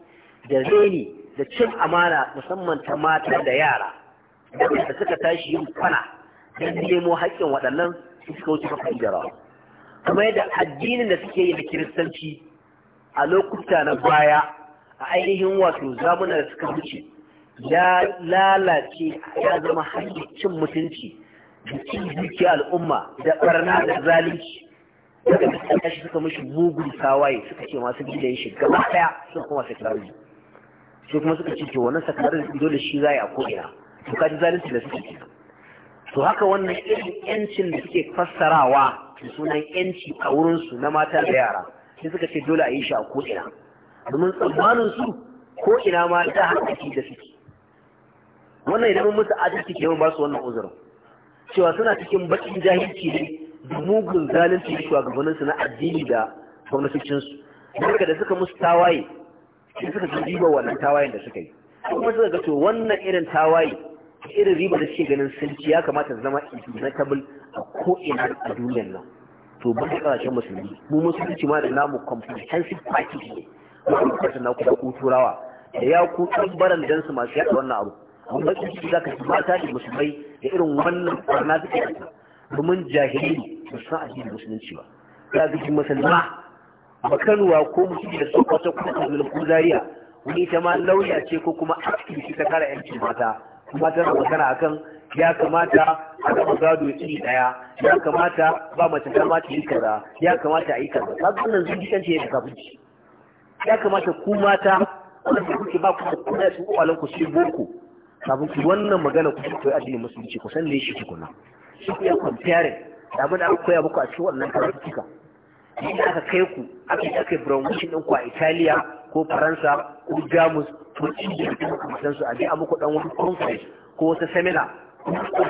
da reni da cin amana musamman ta mata da yara da suka tashi yin kwana don nemo haƙƙin waɗannan su suka wuce kafa jarawa kuma yadda addinin da suke yi na kiristanci a lokuta na baya a ainihin wato zamuna da suka wuce ya lalace ya zama hanyar cin mutunci da cin dukiya al'umma da ɓarna da zalunci daga da shi suka mashi mugun sawaye suka ce masu gidan shi gaba ɗaya sun kuma sakarari sai kuma suka ce ke wannan sakarari dole shi za a ko'ina to ka ji zalunci da suke kenan to haka wannan irin yancin da suke fassarawa da sunan yanci a wurinsu na mata da yara sai suka ce dole a yi shi a ko'ina domin tsammanin su ko'ina ma da hankali da suke wannan idan musu adalci ke ba su wannan uzurin cewa suna cikin baƙin jahilci ne da mugun zalunci da su na addini da gwamnatocinsu duka da suka musu tawaye sai suka ji jiba wannan tawayen da suka yi kuma suka ga to wannan irin tawaye irin riba da suke ganin sun ci ya kamata su zama implementable a ko'ina a duniyar nan to ban da kasashen musulmi mu musulunci ma da namu comprehensive package ne wani kwasan na kuma ku turawa da ya ku ɗan baran dan su masu yaɗa wannan abu amma sun ci za ka ci mata da musulmai da irin wannan kwarna suke yasa domin jahili ba su san addinin musulunci ba ya ga musulma bakanuwa ko mutum da su ko kuma kuzariya, wani ita ma lauya ce ko kuma shi ta kare yancin mata kuma tana magana akan ya kamata a gama gado iri daya ya kamata ba mace ta mata yi kaza ya kamata a yi kaza ka ga wannan zuci kanta ya daga buci ya kamata ku mata wanda kuke ba ku da kuma su kwalan ku shi boko kafin ku wannan magana ku koyi addinin musulunci ku san ne shi tukuna shi ku ya comparing da abin da aka koya muku a cikin wannan karatu kika inda aka kai ku aka yi aka yi brown washing ɗin ku a Italiya ko Faransa ko jamus ko indiya ko su a je a muku dan wani conference ko wata seminar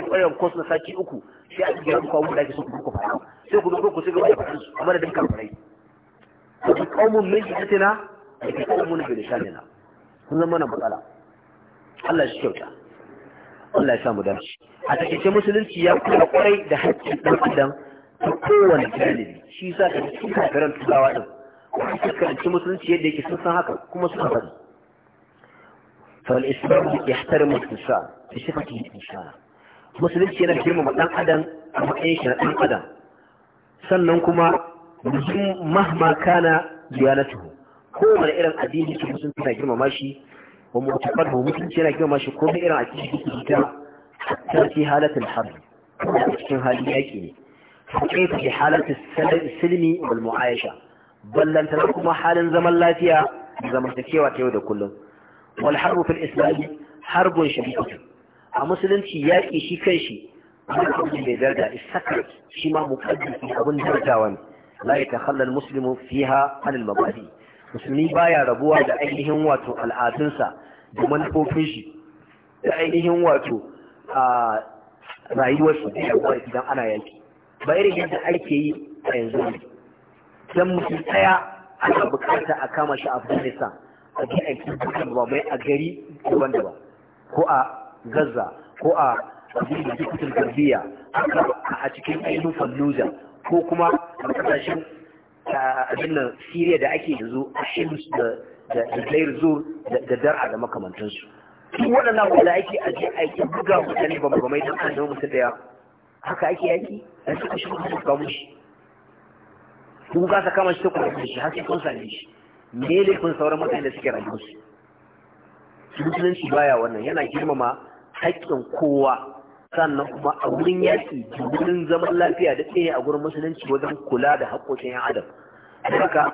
kwayan kwas na sati uku sai a cikin yanku kawo da ake so ku fara sai ku duka ku sai gaba da fara su amma da dinka to ku ji da min na da ke kaumun shi lisanina kun zama na matsala Allah shi kyauta Allah ya samu dace a takaice musulunci ya kula kwarai da haƙƙin dan adam ta kowane janibi shi sa ka cikin kafiran turawa din suka karanci musulunci yadda yake sun san haka kuma suka faɗi فالإسلام يحترم الإنسان بصفته الإنسان musulunci yana girmama ɗan adam a matsayin shi na ɗan adam sannan kuma mutum mahma kana Ko kowane irin addini ke musulunci yana girmama shi wa mutafar ba musulunci yana girmama shi komai irin addini da ke ta hatta fi halatul harbi a cikin hali yaƙi ne fa kaifa bi halatul silmi wal mu'ayasha ballantana kuma halin zaman lafiya zamantakewa ta yau da kullum wal harbu fil islami harbun shadidun a musulunci yaƙi shi kai shi wani mai darda is shi ma muqaddasi abin dardawa ne la yatakhalla al muslimu fiha an al mabadi musulmi baya rabuwa da ainihin wato al'adunsa da manufofin shi da ainihin wato a rayuwarsa da yawa idan ana yaki ba irin yadda ake yi a yanzu ne dan mutum ɗaya ana bukata a kama shi a afghanistan a ji a cikin babai a gari daban-daban ko a gaza ko a abin da cikin garbiya a cikin ainihin fallujah ko kuma a kasashen abin nan siriya da ake yanzu a shims da zair zur da dar'a da makamantansu duk waɗannan wanda ake aji aiki buga mutane ba mai don an zama mutum ɗaya haka ake yaki a cikin shi kuma kawo kun kasa kama shi ku da shi haske kun shi me ne kun sauran mutane da suke rayuwa su musulunci baya wannan yana girmama haƙƙin kowa sannan kuma a wurin yaƙi wurin zaman lafiya da tsaye a gurin musulunci wajen kula da haƙƙoƙin yan adam haka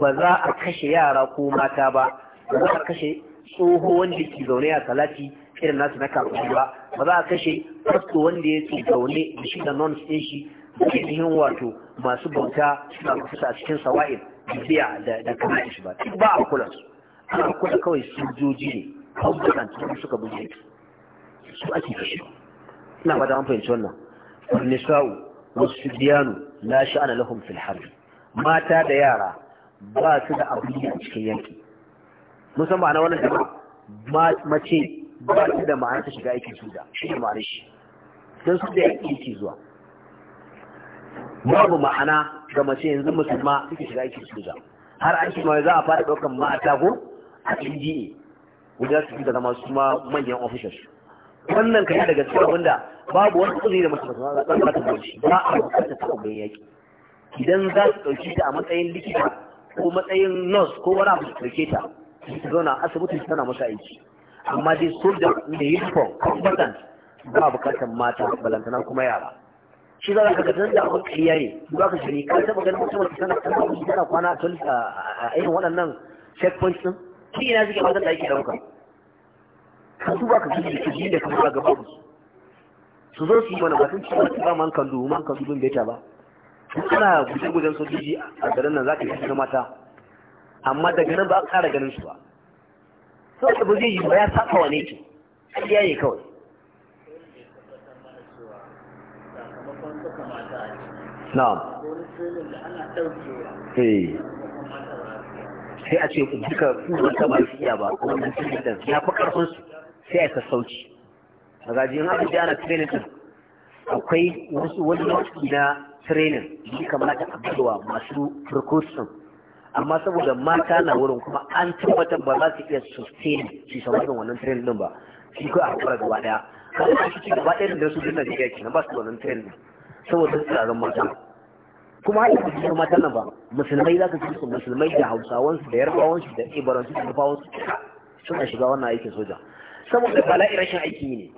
ba za a kashe yara ko mata ba ba za a kashe tsoho wanda ke zaune a salati irin nasu na kafin ba ba za a kashe fasto wanda ya yake zaune da shi da non shi da ainihin wato masu bauta suna kusa cikin sawa'in bibiya da da kana shi ba duk ba a kula su ana kula kawai sojoji ne haubukan cikin suka buge su ake kashe ina ba da an fahimci wannan nisa'u wasu biyanu na shi ana fil harbi mata da yara ba su da abu a cikin yanki musamman na wannan jama'a mace ba su da ma'ana ta shiga aikin su shi da ma'ana shi don su da yake zuwa babu ma'ana ga mace yanzu musulma suke shiga aikin soja har an shi za a fara ɗaukan mata ko a NDA wanda su da zama su ma manyan officers wannan kai daga cikin abin da babu wani kuzi da musulma za ta ba shi ba a bukatar ta abin yaƙi idan za su ɗauki ta a matsayin likita ko matsayin nurse ko wani abu su ɗauke ta su zauna asibiti su tana masa aiki amma dai soja da uniform combatant ba bukatar mata balantana kuma yara shi za ka ga da abin kiyaye ba duba ka shiri ka taba ganin mutum wata sana kan abin tana kwana a irin waɗannan checkpoints din shi ina suke matan da ake ɗauka ka duba ka gani da jini da kamar ga babu su zo su yi mana batun cewa su ba man kandu man kandu bin beta ba su suna guje-gujen sojoji a garin nan za ka yi na mata amma daga nan ba a ƙara ganin su ba sau da ba zai yi ba ya saka wa ne ke ne kawai نعم eh. sai a ce duka kuma ta ba iya ba kuma da su da ya fi karfin su sai a sassauci a gajiyar haka da ana training din akwai wasu wani nau'i na training da ya kamata a baiwa masu precaution amma saboda mata na wurin kuma an tabbatar ba za su iya sustain su samu wannan training din ba shi ko a hakura gaba daya kan su ci gaba ɗaya da su dinna da yake na ba su wannan training din saboda tsirarin mata kuma har yanzu cikin mata nan ba musulmai za ka ci su musulmai da hausawansu da yarbawansu da ibaransu da nufawansu suna shiga wannan aikin soja saboda bala'i rashin aiki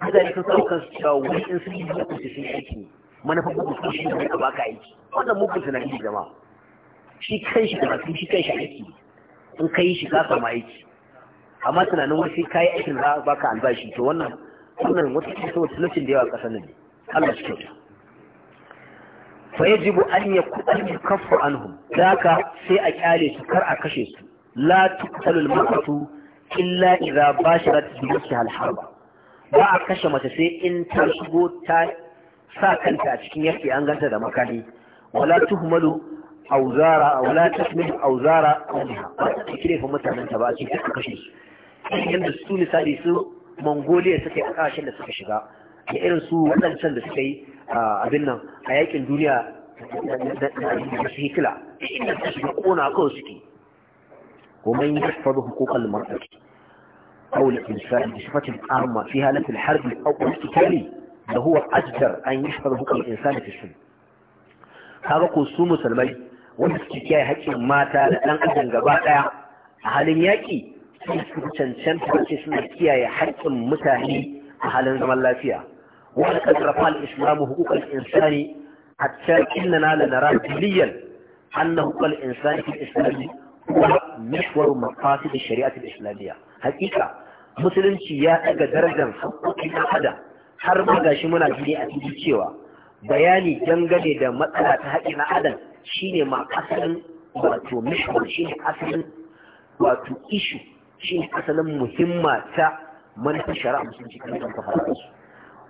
ne mutane sun samu kansu cewa wani in sun yi biyu su sun aiki ne manufa bugu su shi ne a baka aiki wannan mugun tunani jama'a shi kan shi karatu shi kan shi aiki in ka yi shi ka samu aiki amma tunanin wasu ka yi aikin za a baka albashi to wannan wannan wata cikin saboda talaucin da yawa kasa nan ne Allah shi kyauta fa yajibu an yakun yakaffu anhum daka sai a kyale su kar a kashe su la tuqtalu al-mar'atu illa idza basharat bi nafsiha al-harba ba a kashe mace sai in ta shigo ta sa kanta a cikin yaki an ganta da makani wala tuhmalu auzara aw la tahmilu auzara ahliha ta kire fa mutanen ta ba ce ta kashe su yanda su misali su Mongolia suke a kasashen da suka shiga da irin su waɗancan da suka yi abin nan a yakin duniya da su hitila inda su shiga kona kawai suke kuma yi fadu hukukar martaki أو الإنسان بصفة عامة في حالة الحرب أو الاقتتال فهو أجدر أن يحفظ حقوق الإنسان في السن ko su Musulmai, wanda suke kiyaye haƙƙin mata da ɗan ajiyar gaba ɗaya a halin yaƙi sun cancanta ce suna kiyaye haƙƙin mutane a halin zaman lafiya ولقد رفع الإسلام حقوق الإنسان حتى إننا لنرى جليا أن حقوق الإنسان في الإسلام هو محور مقاصد الشريعة الإسلامية حقيقة مسلم يا أجا حقوق الأحد har ma gashi muna gani a cikin cewa bayani dangane da matsala ta haƙƙin adam shine ma asalin wato mission shine asalin wato issue shine asalin muhimma ta manufar shari'a musulunci kan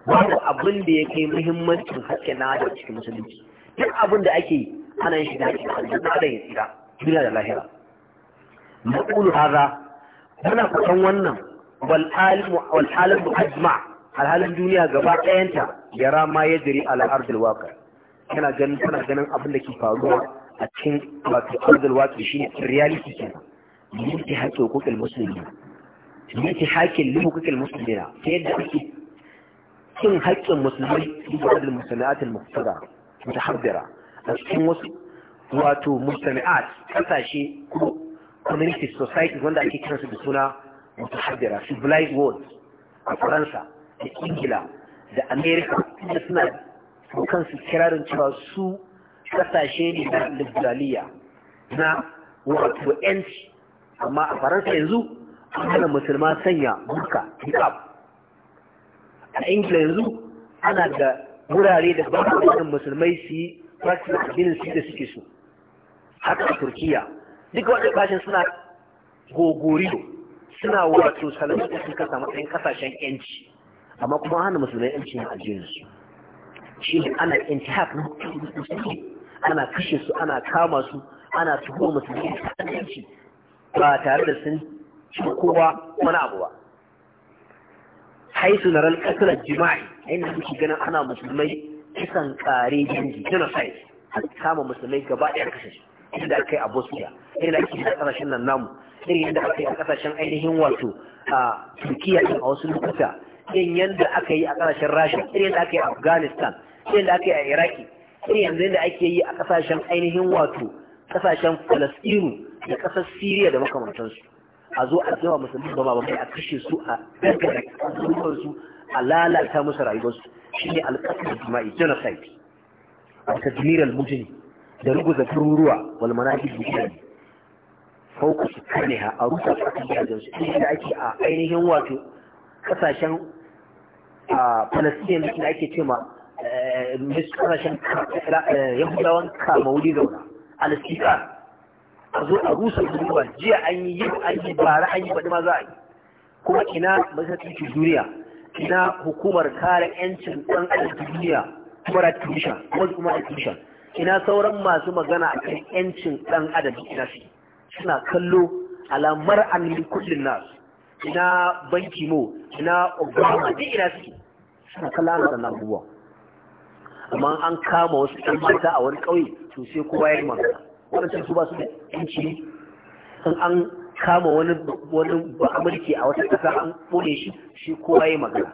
babu abin da ya kai muhimmancin haske na da cikin musulunci duk abin da ake yi ana yin shi da haske na da ya tsira duniya da lahira naqulu hadha muna kusan wannan wal alim wal alim ajma alhalin duniya gaba ɗayanta yara ma yajri ala ardil waqi kana ganin kana ganin abin da ke faruwa a cikin wato ardil waqi shine reality kenan yake hakkin hukukul muslimin yake hakkin hukukul muslimina ta yadda ake cin haƙƙin musulmai da ba'd al-musana'at al-muftara mutahaddira a cikin wasu wato mustana'at kasashe ko community society wanda ake su da suna mutahaddira civilized world a Faransa da Ingila da America da suna kansu kirarin cewa su kasashe ne na liberaliya na wato yanci amma a faransa yanzu an hana musulma sanya burka hijab a ingila yanzu ana da wurare da ba su musulmai su yi practice addinin su da suke so haka a turkiya duk wadda kashin suna gogori, suna wato salamu da suka samu ɗan kasashen yanci amma kuma hana musulmai yanci na su. shi ne ana yanci haka ana kashe su ana kama su ana tuhumar musulmai da yanci ba tare da sun ci kowa wani abu ba haisu na ran kasar jima'i a inda muke ganin ana musulmai kisan kare dangi genocide an kama musulmai gaba ɗaya kashe su inda aka yi a bosnia inda ake yi a ƙasashen nan namu irin yadda aka yi a ƙasashen ainihin wato a turkiya ɗin a wasu lokuta irin yadda aka yi a ƙasashen rasha irin yadda aka yi a afghanistan irin da aka yi a iraki irin yanzu yadda ake yi a ƙasashen ainihin wato ƙasashen Falasɗinu da ƙasar siriya da makamantansu a zo a jawa musulmi ba mai a kashe su a dangana su a lalata musu rayuwarsu shi ne alƙasar jima'i genocide a tajmirar Mutuni, da ruguza tururuwa wal manahij mutane fauku su ha a rusa su kan gajen su da ake a ainihin wato kasashen a palestinian da ake ce ma kasashen eh, eh, yahudawan kamauli zauna al-sikar a zo a rusa guduwa jiya an yi yau an yi bara an yi baɗi ma za a yi kuma ina majalisar ɗinkin duniya ina hukumar kare 'yancin ɗan adam duniya kuma da turisha kuma da turisha ina sauran masu magana a kan 'yancin ɗan adam ina shi suna kallo alamar an kullum nasu ina banki mo ina obama duk ina shi suna kalla na sannan abubuwa amma an kama wasu ɗan mata a wani ƙauye to sai kowa ya yi magana waɗancan su ba su da yanci in an kama wani wani amurki a wata ƙasa an kone shi shi kowa ya magana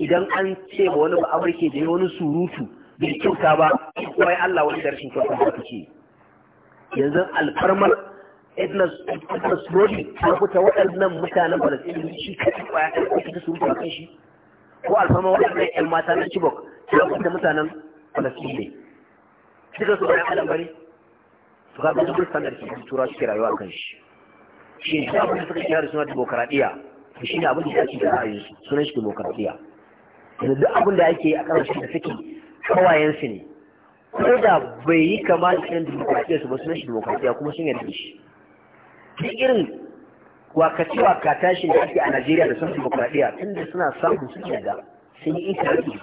idan an ce ba wani ba'amurki da ya wani surutu bai kyauta ba shi kowa ya Allah wani da rashin kyauta ba ta ce yanzu alfarmar Ednas Brody ta fita waɗannan mutanen Falasɗin shi kaɗai ƙwaya ɗaya ko ta surutu a kan shi ko alfarmar waɗannan 'yan mata na Chibok ta fita mutanen Falasɗin ne. Suka su bayan alambari to kaga duk standard su tura suke rayuwa kan shi shi ne abin da suka kira da suna demokaradiyya to shi ne abin da ake da ra'ayin su sunan shi demokaradiyya yanzu duk abin da ake a shi da suke kawayensu ne ko da bai yi kama da irin demokaradiyya su ba sunan shi demokaradiyya kuma sun yarda shi duk irin wakaci wakatashin da ake a Najeriya da sun tun da suna samun sun yarda sun yi intanet da duk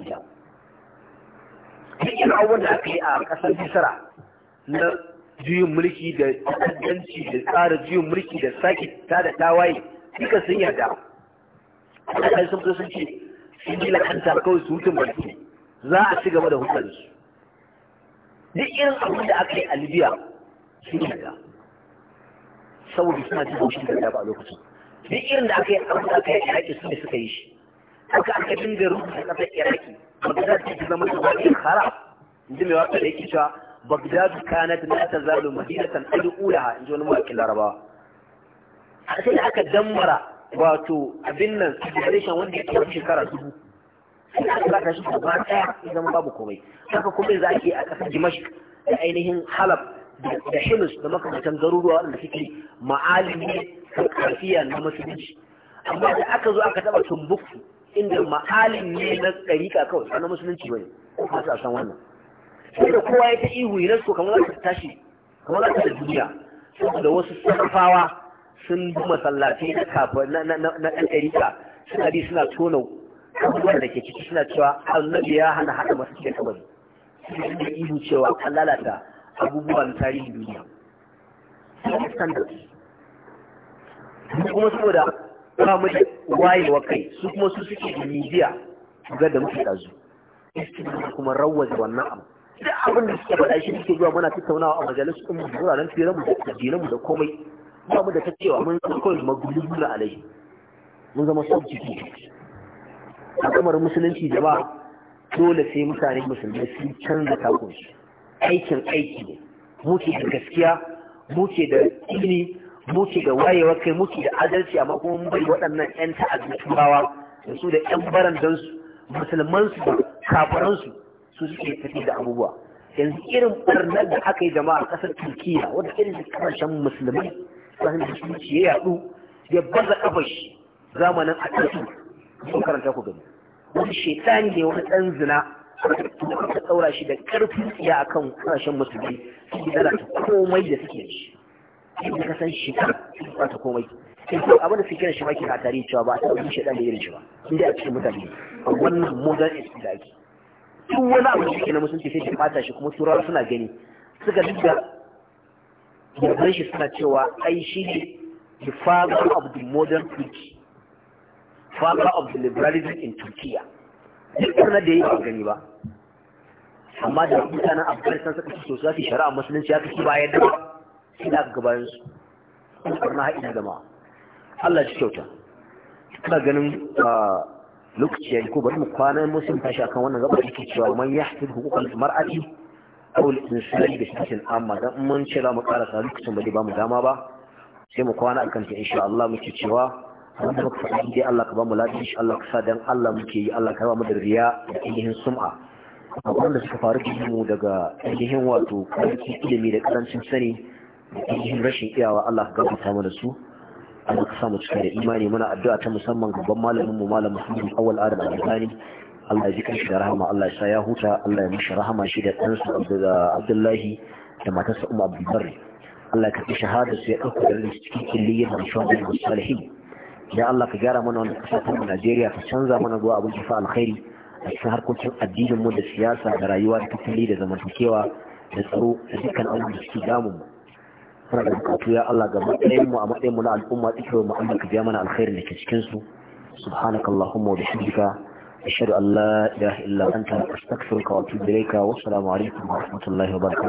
irin abubuwan da aka yi a ƙasar Fisara na juyin mulki da ta'addanci da tsara juyin mulki da sake ta da tawaye duka sun yarda kan sun fito sun ce sun ji lakanta kawai su hutun mulki za a ci gaba da su. duk irin abin da aka yi a libya sun yarda saboda suna jin haushin da ya ba a lokacin duk irin da aka yi a da aka yi iraki su ne suka yi shi haka aka dinga rubuta ƙasar iraki magana ta zama da wani haram inda mai wata da yake cewa بغداد كانت لا تزال مدينة أدعو لها إن جوانا مؤكد العرباء حتى لأكا دمر واتو أبنا سيجريشن وندي كيف شكرا سبو sai aka zaka shi gaba daya ya zama babu komai haka kuma za a kasar dimashq da ainihin halab da hims da makamantan garuruwa waɗanda suke ma'alimi da karfiya na musulunci amma da aka zo aka taɓa tumbuktu inda ma'alim ne na ɗarika kawai na musulunci bane ba su a san wannan da kowa ya ta ihu ya rasko kamar za ta tashi kamar za ta da duniya saboda wasu sarrafawa sun bi masallatai na kafa na ɗan ɗarika suna bi suna tona abubuwan da ke ciki suna cewa annabi ya hana haɗa masu cikin kamar sun da ihu cewa an lalata abubuwan tarihin duniya kuma saboda ba mu da wayewa kai su kuma su suke da midiya ga da muke ɗazu kuma rawaje wannan abu duk abin da suke faɗa shi suke zuwa muna tattaunawa a majalisun mu wuraren tsira mu da addinin mu da komai ba mu da ta cewa mun zama kawai magulubu na alai mun zama sau ciki a kamar musulunci jama'a dole sai mutane musulmi sun canza takun aikin aiki ne muke da gaskiya muke da ilimi muke da wayewa kai muke da adalci amma kuma mun bari waɗannan 'yan ta'addu turawa da su da 'yan barandansu musulmansu da kafaransu su suke tafi da abubuwa yanzu irin barnar da aka yi jama'a kasar turkiya wadda irin da kasashen musulmai kasashen musulunci ya yadu ya baza kafashi zamanin a turki sun karanta ku gani wani shaitani ne wani ɗan zina aka tsaura shi da ƙarfin ya a kan kasashen musulmai su yi da komai da suke shi inda ka san shi ba ta komai in ko abin da suke kiran shi ma kina tarihi cewa ba a taɓa yin shaitan da irin shi ba inda a cikin mutane wannan modern ake duk wani abu shi na musulunci sai ta bata shi kuma turawa suna gani suka dinga yarbar shi suna cewa ai shi ne the father of the modern Turkey father of the liberalism in Turkey duk sanar da ya gani ba amma da mutanen Afghanistan suka ci sosai fi shari'a musulunci ya fi bayan da sai da aka gabayan su kuma na haɗin Allah ya kyauta ina ganin ah, lokaci ya ko bari mu kwana mu sun tashi akan wannan gaba yake cewa man su huquqal mar'ati aw al da bi sifatin amma dan mun ce za mu sa, lokacin ba ba mu dama ba sai mu kwana akan ta insha Allah muke cewa wanda muka faɗi dai Allah ka ba mu lafiya insha Allah ka dan Allah muke yi Allah ka ba mu da riya da ainihin sum'a abubuwan da suka faru da mu daga ainihin wato karancin ilimi da karancin sani da ainihin rashin iyawa Allah ka gafarta mana su Allah ka samu cika da imani muna addu'a ta musamman gaban malamin mu malam Muhammad Awal Adam Al-Albani Allah ji kanshi da rahama Allah ya sa ya huta Allah ya mishi rahama shi da ɗansa Abdullahi da matarsa Umma Abdulbari Allah ka fi shahada su ya ɗauka da cikin killiyin da shawarar da salihin ya Allah ka gyara mana wani ƙasa ta Najeriya ka canza mana zuwa abin kifa alkhairi a cikin harkokin addinin mu da siyasa da rayuwa da tattali da zamantakewa da tsaro da dukkan abubuwan da suke damun mu muna da bukatu ya Allah ga ɗayan mu a matsayin mu na al'umma tsikirar mu Allah ka biya mana alkhairin da ke cikin su subhanakallahumma wa bihamdika ashhadu an la ilaha illa anta astaghfiruka wa atubu ilayka wa assalamu alaikum wa rahmatullahi wa barakatuh